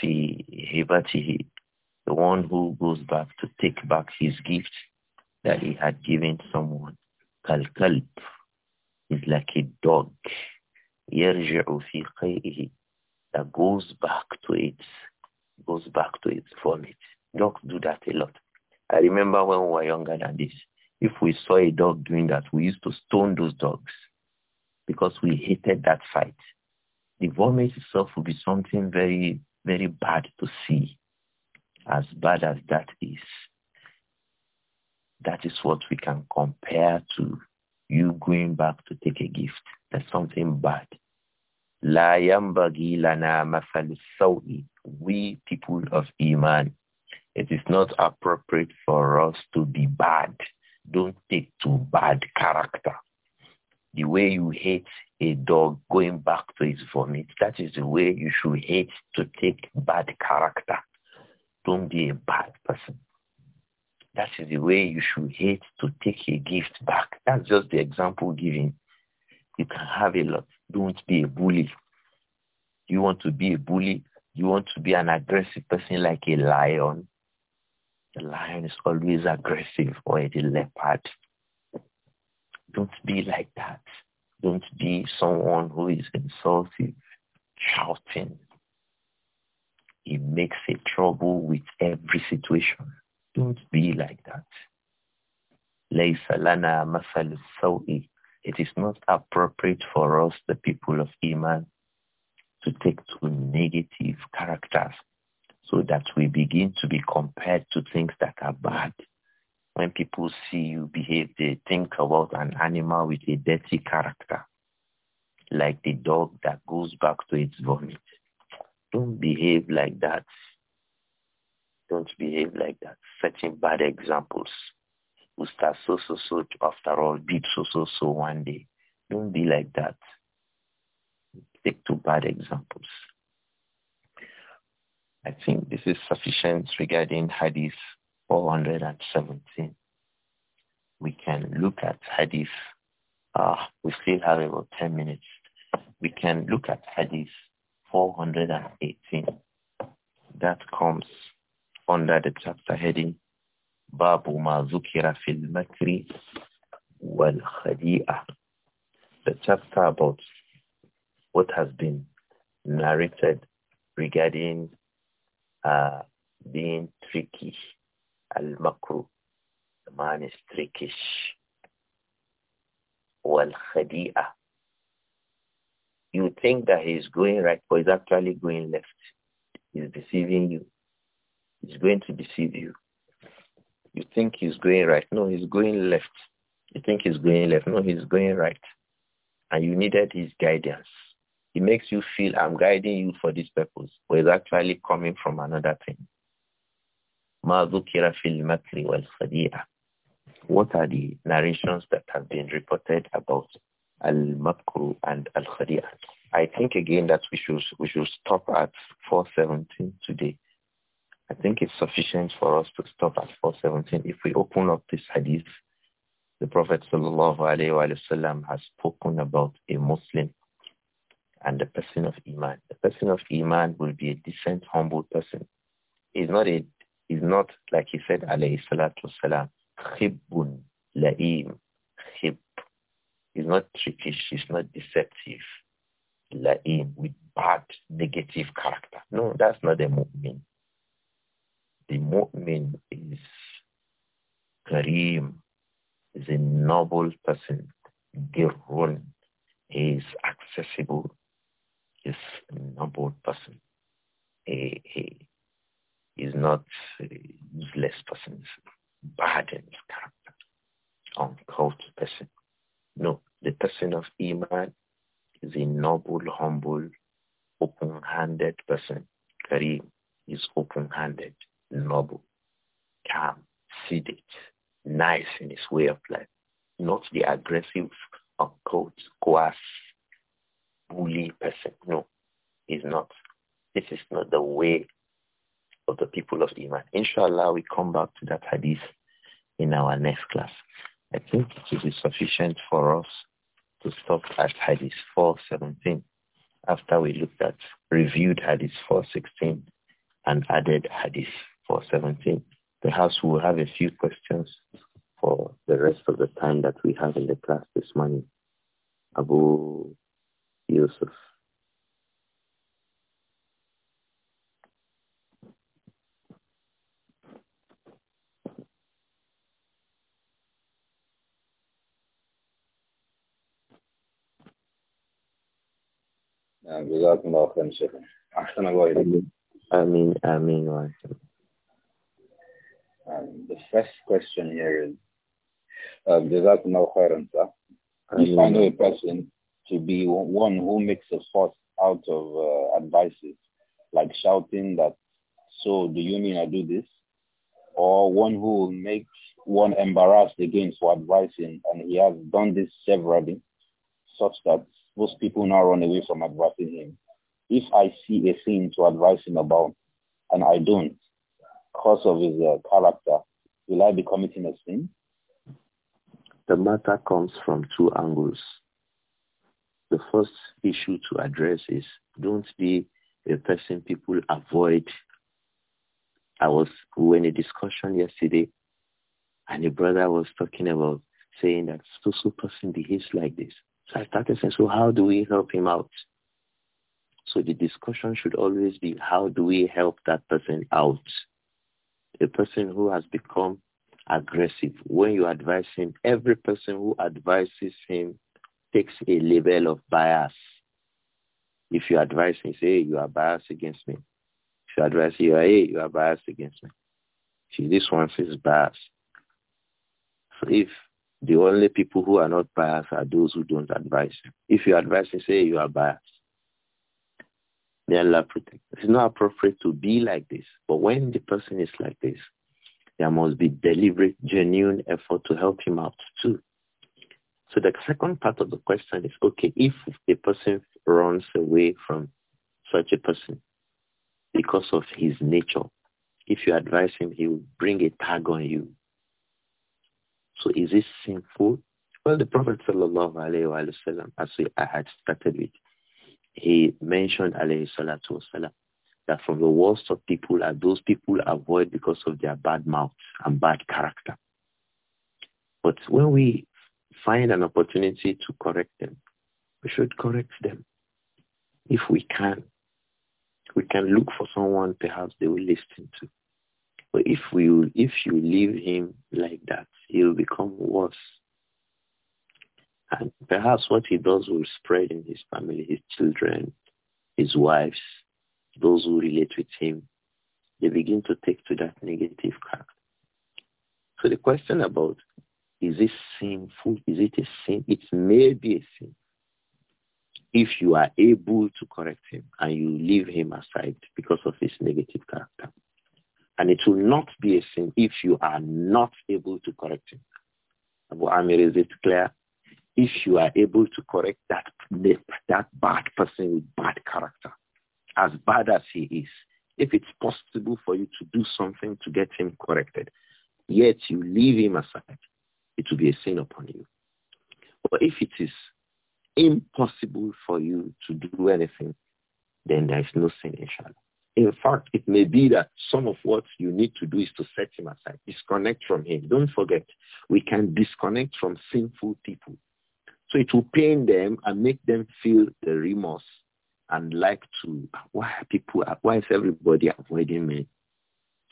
fi hibatihi. The one who goes back to take back his gift that he had given someone. Kalkalb is like a dog. That goes back to it, goes back to its vomit. Dogs do that a lot. I remember when we were younger than this, if we saw a dog doing that, we used to stone those dogs because we hated that fight. The vomit itself would be something very, very bad to see, as bad as that is that is what we can compare to you going back to take a gift. That's something bad. La yambagi masalu We people of Iman, it is not appropriate for us to be bad. Don't take to bad character. The way you hate a dog going back to its vomit, that is the way you should hate to take bad character. Don't be a bad person. That is the way you should hate to take a gift back. That's just the example given. You can have a lot. Don't be a bully. You want to be a bully? You want to be an aggressive person like a lion? The lion is always aggressive or a leopard. Don't be like that. Don't be someone who is insulting, shouting. It makes a trouble with every situation. Don't be like that. It is not appropriate for us, the people of Iman, to take to negative characters so that we begin to be compared to things that are bad. When people see you behave, they think about an animal with a dirty character, like the dog that goes back to its vomit. Don't behave like that don't behave like that, setting bad examples. We start so so so after all did so so so one day. Don't be like that. Take two bad examples. I think this is sufficient regarding Hadith 417. We can look at Hadith. Uh, we still have about 10 minutes. We can look at Hadith 418. That comes under the chapter heading Babu Mazukira zukira fil makri wal khadi'ah. The chapter about what has been narrated regarding uh, being tricky, al-makru. The man is trickish. Wal-khadi'ah. You think that he's going right, but he's actually going left. He's deceiving you. He's going to deceive you. You think he's going right. No, he's going left. You think he's going left. No, he's going right. And you needed his guidance. He makes you feel I'm guiding you for this purpose, but it's actually coming from another thing. What are the narrations that have been reported about al-makru and al-khadi'ah? I think again that we should we should stop at 417 today. I think it's sufficient for us to stop at 417. If we open up this hadith, the Prophet wasallam has spoken about a Muslim and the person of Iman. The person of Iman will be a decent, humble person. He's not a he's not like he said alayhi salatu wasalam, khibbun la'im, khib. He's not trickish, he's not deceptive, la'im, with bad, negative character. No, that's not a mu'min the mu'min is kareem, is a noble person, dirun, he is accessible, is a noble person. He, he is not a useless person, bad in his character, uncouth person. No, the person of Iman is a noble, humble, open-handed person. Kareem is open-handed noble, calm, sedate, nice in his way of life, not the aggressive, uncouth, coarse, bully person. No, he's not. This is not the way of the people of Iman. Inshallah, we come back to that hadith in our next class. I think it will be sufficient for us to stop at hadith 417 after we looked at reviewed hadith 416 and added hadith for 17. Perhaps we'll have a few questions for the rest of the time that we have in the class this morning. Abu Yusuf. جزاكم الله خيرا شيخنا احسن الله اليكم امين امين وانتم um, the first question here is, Does um, that sir. a person to be one who makes a fuss out of uh, advices, like shouting that, so do you mean I do this? Or one who makes one embarrassed against for advising, and he has done this severally, such that most people now run away from advising him. If I see a thing to advise him about, and I don't, cause of his uh, character, will I be committing a sin? The matter comes from two angles. The first issue to address is don't be a person people avoid. I was we in a discussion yesterday and a brother was talking about saying that so so person behaves like this. So I started saying, so how do we help him out? So the discussion should always be how do we help that person out? a person who has become aggressive, when you advise him, every person who advises him takes a level of bias. If you advise him, say, hey, you are biased against me. If you advise him, hey, you are biased against me. See, this one says bias. So if the only people who are not biased are those who don't advise him. If you advise him, say, hey, you are biased. May Allah protect. It's not appropriate to be like this. But when the person is like this, there must be deliberate, genuine effort to help him out too. So the second part of the question is, okay, if a person runs away from such a person because of his nature, if you advise him, he will bring a tag on you. So is this sinful? Well, the Prophet, sallallahu as we, I had started with, he mentioned alayhi salatu wasalam that from the worst of people are those people avoid because of their bad mouth and bad character. But when we find an opportunity to correct them, we should correct them. If we can, we can look for someone perhaps they will listen to. But if we, if you leave him like that, he'll become worse and perhaps what he does will spread in his family, his children, his wives, those who relate with him. They begin to take to that negative character. So the question about is this sinful? Is it a sin? It may be a sin if you are able to correct him and you leave him aside because of his negative character. And it will not be a sin if you are not able to correct him. Abu Amir, is it clear? if you are able to correct that, that bad person with bad character, as bad as he is, if it's possible for you to do something to get him corrected, yet you leave him aside, it will be a sin upon you. But if it is impossible for you to do anything, then there is no sin, inshallah. In fact, it may be that some of what you need to do is to set him aside, disconnect from him. Don't forget, we can disconnect from sinful people. So it will pain them and make them feel the remorse and like to, why people, why is everybody avoiding me?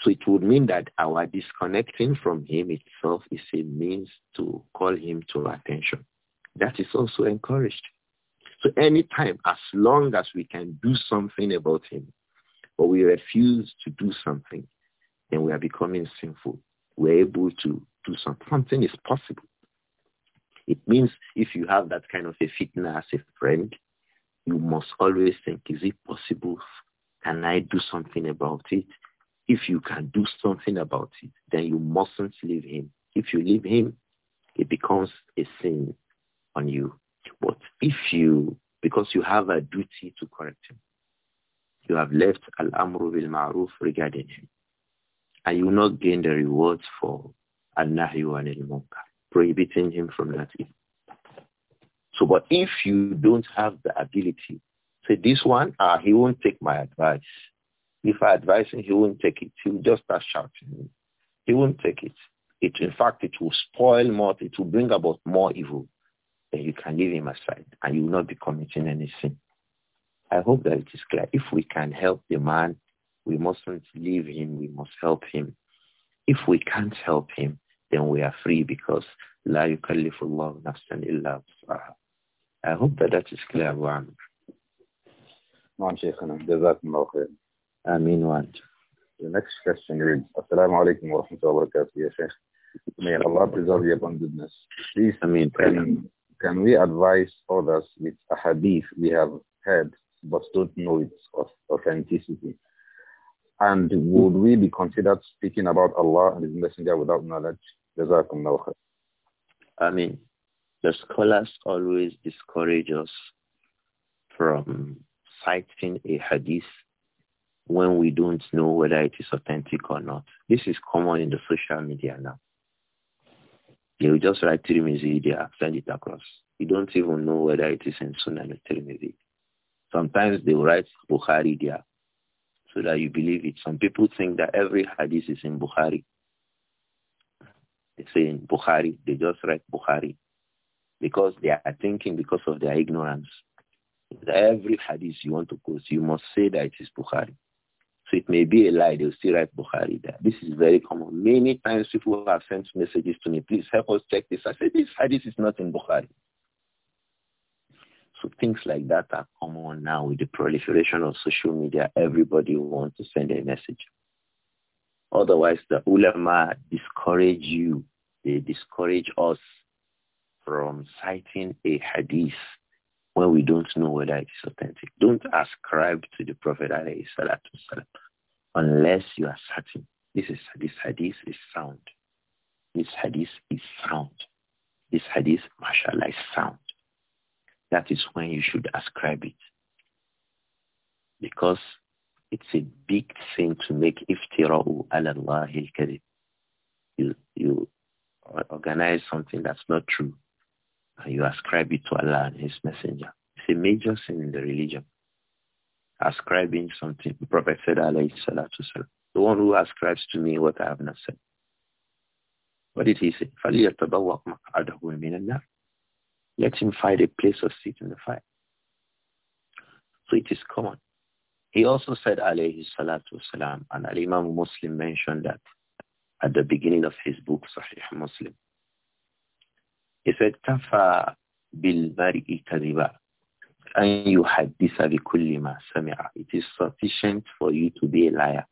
So it would mean that our disconnecting from him itself is a means to call him to attention. That is also encouraged. So anytime, as long as we can do something about him, but we refuse to do something, then we are becoming sinful. We're able to do something. Something is possible. It means if you have that kind of a fitness as a friend, you must always think, is it possible? Can I do something about it? If you can do something about it, then you mustn't leave him. If you leave him, it becomes a sin on you. But if you, because you have a duty to correct him, you have left al-amru bil ma'ruf regarding him, and you will not gain the rewards for al-nahyu anil munkar prohibiting him from that. So, but if you don't have the ability, say this one, ah, he won't take my advice. If I advise him, he won't take it. He'll just start shouting. He won't take it. It, in fact, it will spoil more. It will bring about more evil. Then you can leave him aside, and you will not be committing any sin. I hope that it is clear. If we can help the man, we mustn't leave him. We must help him. If we can't help him, then we are free because la yukallifullahu nafsan illa wus'aha. I hope that that is clear, Abu Amr. نعم شيخنا جزاكم الله خير آمين وأنت The next question is: Assalamu alaikum wa rahmatullahi wa barakatuh, ya Sheikh. May Allah preserve you upon goodness. Please, Ameen. Can, can we advise others with a hadith we have heard but don't know its authenticity? And would we be considered speaking about Allah and His Messenger without knowledge? Jazakum khair. I mean, the scholars always discourage us from citing a hadith when we don't know whether it is authentic or not. This is common in the social media now. You just write tirmizi, they send it across. You don't even know whether it is in Sunan or tirmizi. Sometimes they write Bukhari there so that you believe it. Some people think that every hadith is in Bukhari. Saying Bukhari. They just write Bukhari because they are thinking because of their ignorance. Every hadith you want to quote, you must say that it is Bukhari. So it may be a lie. They'll still write Bukhari there. This is very common. Many times people have sent messages to me, please help us check this. I say, this hadith is not in Bukhari. So things like that are common now with the proliferation of social media. Everybody wants to send a message. Otherwise, the ulama discourage you they discourage us from citing a hadith when we don't know whether it is authentic. Don't ascribe to the Prophet والسلام, unless you are certain. This is this hadith is sound. This hadith is sound. This hadith, mashallah, is sound. That is when you should ascribe it. Because it's a big thing to make iftira'u ala Allah al-kadib. You, you organize something that's not true and you ascribe it to Allah and His Messenger. It's a major sin in the religion. Ascribing something, the Prophet said, alayhi salatu salam, the one who ascribes to me what I have not said. What did he say? Let him find a place of seat in the fire. So it is common. He also said, alayhi salatu salam, and Al-Imam Muslim mentioned that at the beginning of his book, Sahih Muslim. He said, كَفَى بِالْمَرْءِ كَذِبًا أَنْ يُحَدِّثَ بِكُلِّ مَا سَمِعَ It is sufficient for you to be a liar.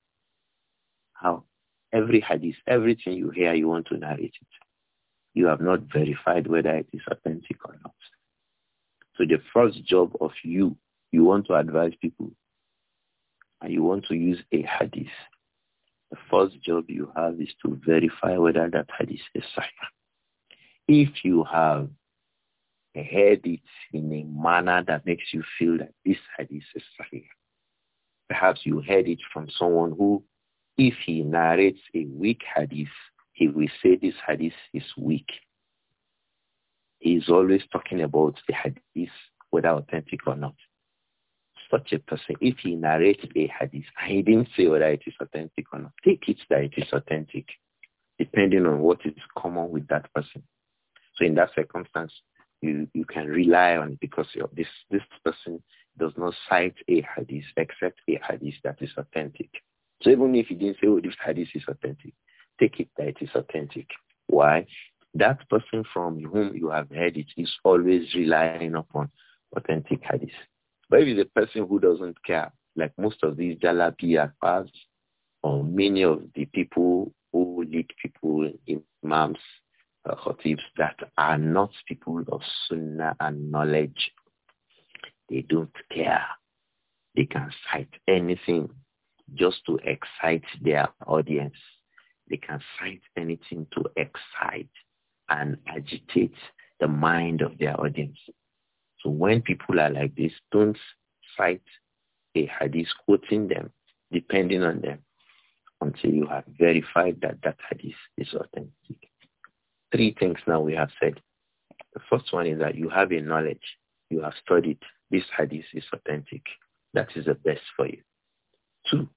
How? Every hadith, everything you hear, you want to narrate it. You have not verified whether it is authentic or not. So the first job of you, you want to advise people and you want to use a hadith the first job you have is to verify whether that hadith is sahih. If you have heard it in a manner that makes you feel that this hadith is sahih, perhaps you heard it from someone who, if he narrates a weak hadith, he will say this hadith is weak. He is always talking about the hadith, whether authentic or not such a person, if he narrates a hadith, he didn't say whether it is authentic or not. Take it that it is authentic, depending on what is common with that person. So in that circumstance, you, you can rely on it because this, this person does not cite a hadith except a hadith that is authentic. So even if you didn't say, oh, this hadith is authentic, take it that it is authentic. Why? That person from whom you have heard it is always relying upon authentic hadith. But if it's a person who doesn't care, like most of these Jalabi Akbars or many of the people who lead people, imams, uh, khatibs that are not people of sunnah and knowledge, they don't care. They can cite anything just to excite their audience. They can cite anything to excite and agitate the mind of their audience. So when people are like this, don't cite a hadith quoting them, depending on them, until you have verified that that hadith is authentic. Three things now we have said. The first one is that you have a knowledge. You have studied. This hadith is authentic. That is the best for you. Two,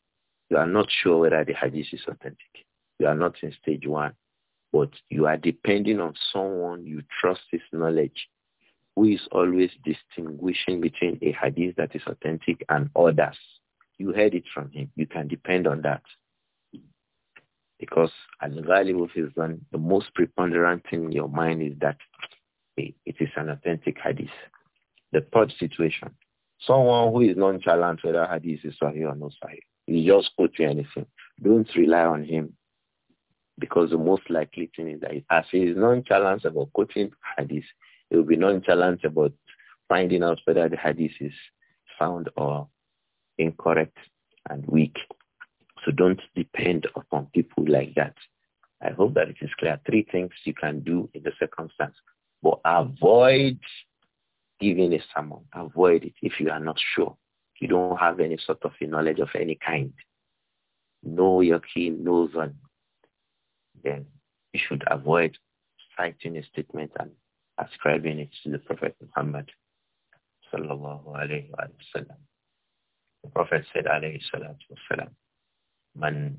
you are not sure whether the hadith is authentic. You are not in stage one, but you are depending on someone you trust his knowledge who is always distinguishing between a hadith that is authentic and others. You heard it from him. You can depend on that. Because al of fizan, the most preponderant thing in your mind is that it is an authentic hadith. The third situation, someone who is nonchalant whether hadith is sahih or not sahih, he just quote you anything. Don't rely on him because the most likely thing is that as he is nonchalant about quoting hadith, it will be nonchalant about finding out whether the hadith is found or incorrect and weak. So don't depend upon people like that. I hope that it is clear. Three things you can do in the circumstance. But avoid giving a sermon. Avoid it if you are not sure. You don't have any sort of knowledge of any kind. Know your key, know one. Then you should avoid citing a statement and ascribing it to the Prophet Muhammad sallallahu alayhi wa sallam. The Prophet said alayhi salatu wasalam, man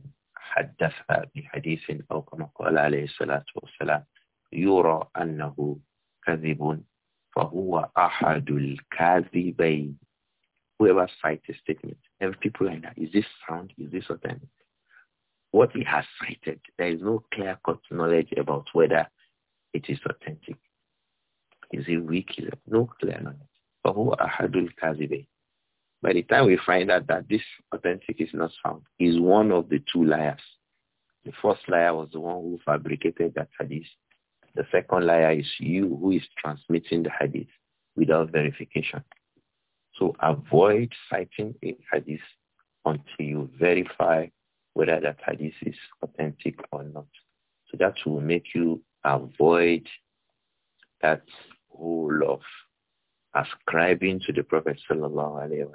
حدث بحديث أو كما قال عليه الصلاة والسلام يرى أنه كذب فهو أحد الكاذبين whoever cites a statement every people like that is this sound is this authentic what he has cited there is no clear cut knowledge about whether it is authentic is a weak nuclear. فهو أحد الكاذبين. By the time we find out that this authentic is not found, is one of the two liars. The first liar was the one who fabricated that hadith. The second liar is you who is transmitting the hadith without verification. So avoid citing a hadith until you verify whether that hadith is authentic or not. So that will make you avoid that who of ascribing to the Prophet sallallahu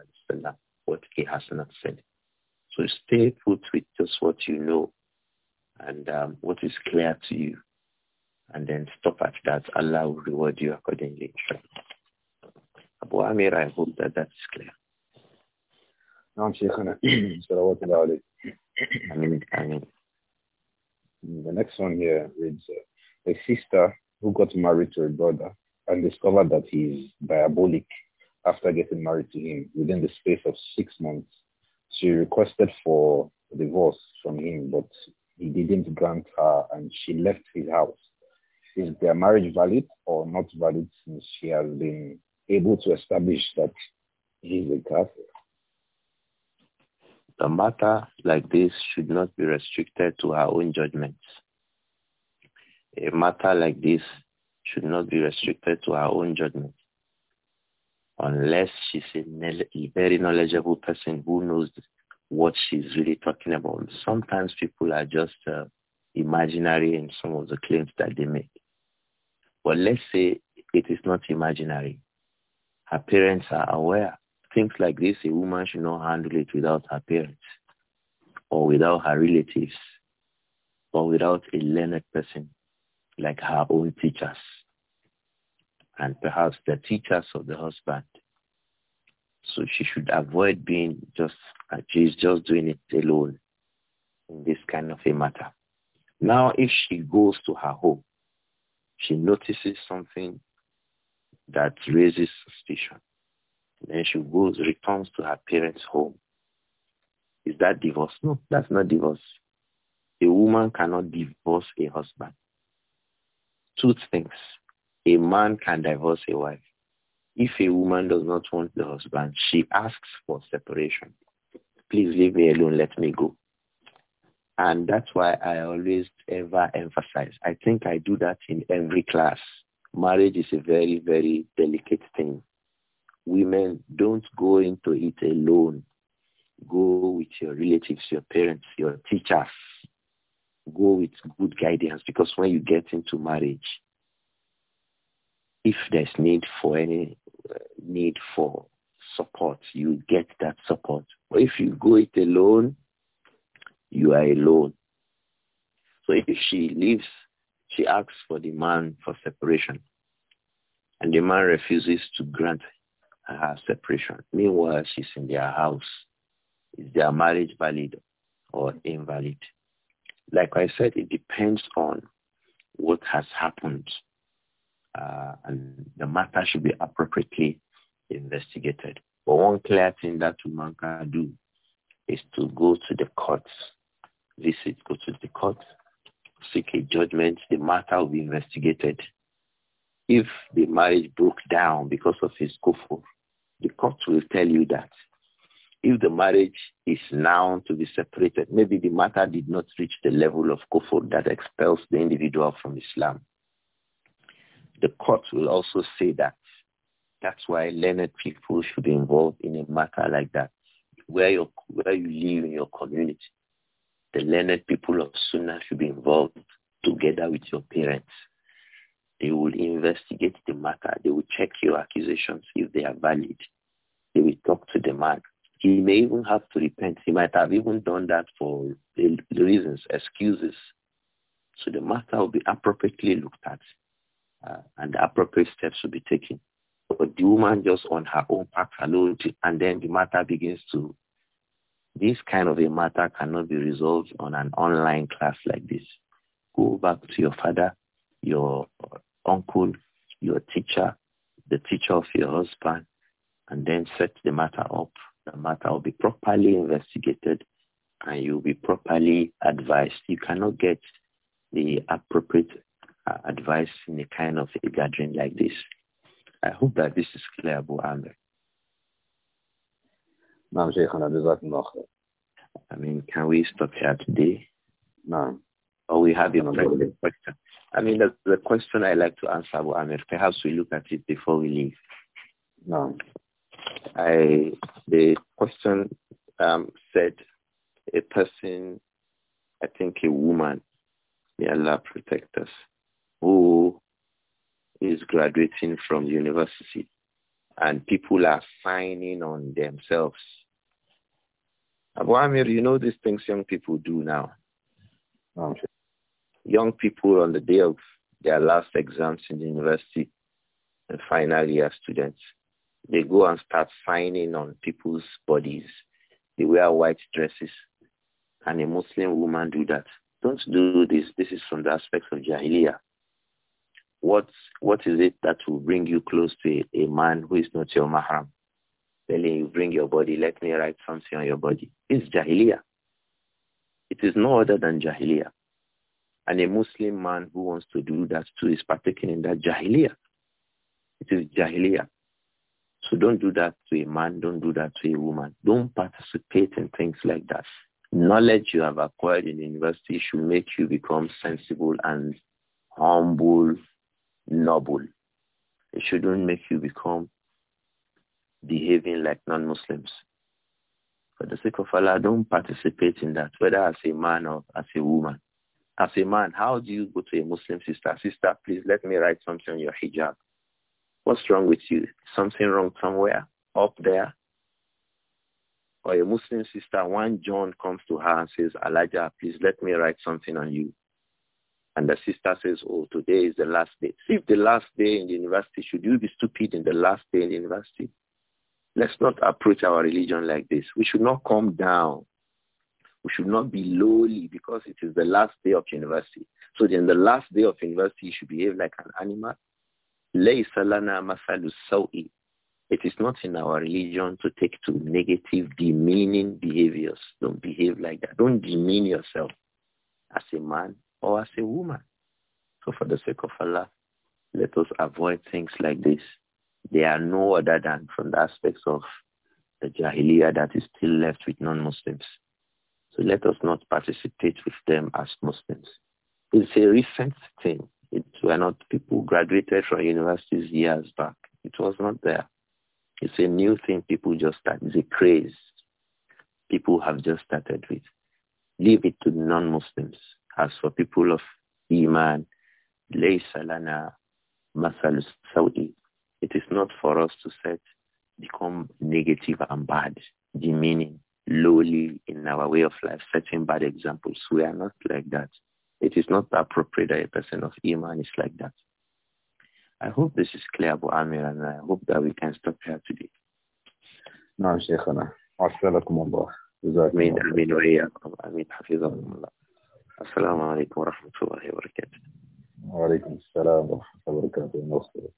what he has not said. So stay put with just what you know and um, what is clear to you. And then stop at that. Allah will reward you accordingly. Abu Amir, I hope that that's clear. The next one here reads, uh, a sister who got married to a brother and discovered that he is diabolic after getting married to him within the space of six months. She requested for divorce from him, but he didn't grant her and she left his house. Is their marriage valid or not valid since she has been able to establish that he is a Catholic? A matter like this should not be restricted to her own judgments. A matter like this should not be restricted to our own judgment unless she's a very knowledgeable person who knows what she's really talking about. Sometimes people are just uh, imaginary in some of the claims that they make. But let's say it is not imaginary. Her parents are aware. Things like this, a woman should not handle it without her parents or without her relatives or without a learned person like her own teachers and perhaps the teachers of the husband. So she should avoid being just, uh, she's just doing it alone in this kind of a matter. Now, if she goes to her home, she notices something that raises suspicion. Then she goes, returns to her parents' home. Is that divorce? No, that's not divorce. A woman cannot divorce a husband two things. A man can divorce a wife. If a woman does not want the husband, she asks for separation. Please leave me alone. Let me go. And that's why I always ever emphasize. I think I do that in every class. Marriage is a very, very delicate thing. Women, don't go into it alone. Go with your relatives, your parents, your teachers, go with good guidance because when you get into marriage, if there's need for any uh, need for support, you get that support. But if you go it alone, you are alone. So if she leaves, she asks for the man for separation. And the man refuses to grant her separation. Meanwhile, she's in their house. Is their marriage valid or invalid? Like I said, it depends on what has happened. Uh, and the matter should be appropriately investigated. But one clear thing that woman can do is to go to the courts, is go to the court, seek a judgment. The matter will be investigated. If the marriage broke down because of his kufur, the court will tell you that if the marriage is now to be separated, maybe the matter did not reach the level of kufur that expels the individual from Islam. The court will also say that. That's why learned people should be involved in a matter like that, where, you where you live in your community. The learned people of Sunnah should be involved together with your parents. They will investigate the matter. They will check your accusations if they are valid. They will talk to the man. He may even have to repent. He might have even done that for reasons, excuses. So the matter will be appropriately looked at uh, and the appropriate steps will be taken. But the woman just on her own path alone and then the matter begins to, this kind of a matter cannot be resolved on an online class like this. Go back to your father, your uncle, your teacher, the teacher of your husband, and then set the matter up the matter will be properly investigated and you'll be properly advised. You cannot get the appropriate uh, advice in a kind of a gathering like this. I hope that this is clear, Abu Amr. I mean, can we stop here today? No. Or we have a no. question. I mean, the, the question I like to answer, Abu Amir, perhaps we look at it before we leave. No. I the question um, said a person, I think a woman, may Allah protect us, who is graduating from university and people are signing on themselves. Abu Amir, you know these things young people do now. Um, young people on the day of their last exams in the university and final year students, they go and start signing on people's bodies. They wear white dresses. And a Muslim woman do that. Don't do this. This is from the aspects of Jahiliyyah. What, what is it that will bring you close to a, a man who is not your mahram? Telling you, bring your body, let me write something on your body. It's Jahiliyyah. It is no other than Jahiliyyah. And a Muslim man who wants to do that too is partaking in that Jahiliyyah. It is Jahiliyyah. So don't do that to a man. Don't do that to a woman. Don't participate in things like that. Knowledge you have acquired in university should make you become sensible and humble, noble. It shouldn't make you become behaving like non-Muslims. For the sake of Allah, don't participate in that, whether as a man or as a woman. As a man, how do you go to a Muslim sister? Sister, please let me write something on your hijab. What's wrong with you? Something wrong somewhere up there? Or a Muslim sister, one John comes to her and says, Elijah, please let me write something on you. And the sister says, oh, today is the last day. If the last day in the university, should you be stupid in the last day in the university? Let's not approach our religion like this. We should not come down. We should not be lowly because it is the last day of university. So then the last day of university, you should behave like an animal. It is not in our religion to take to negative, demeaning behaviors. Don't behave like that. Don't demean yourself as a man or as a woman. So for the sake of Allah, let us avoid things like this. They are no other than from the aspects of the jahiliyyah that is still left with non-Muslims. So let us not participate with them as Muslims. It's a recent thing. It were not people graduated from universities years back. It was not there. It's a new thing people just start. It's a craze people have just started with. Leave it to non-Muslims. As for people of Iman, Laysa lana masal Saudi, It is not for us to set, become negative and bad, demeaning, lowly in our way of life, setting bad examples. We are not like that it is not appropriate that a person of Iman is like that. I hope this is clear, Abu Amir, and I hope that we can stop here today. No, Sheikhana. Assalamu alaikum warahmatullahi wabarakatuh. Wa alaikum assalam wa rahmatullahi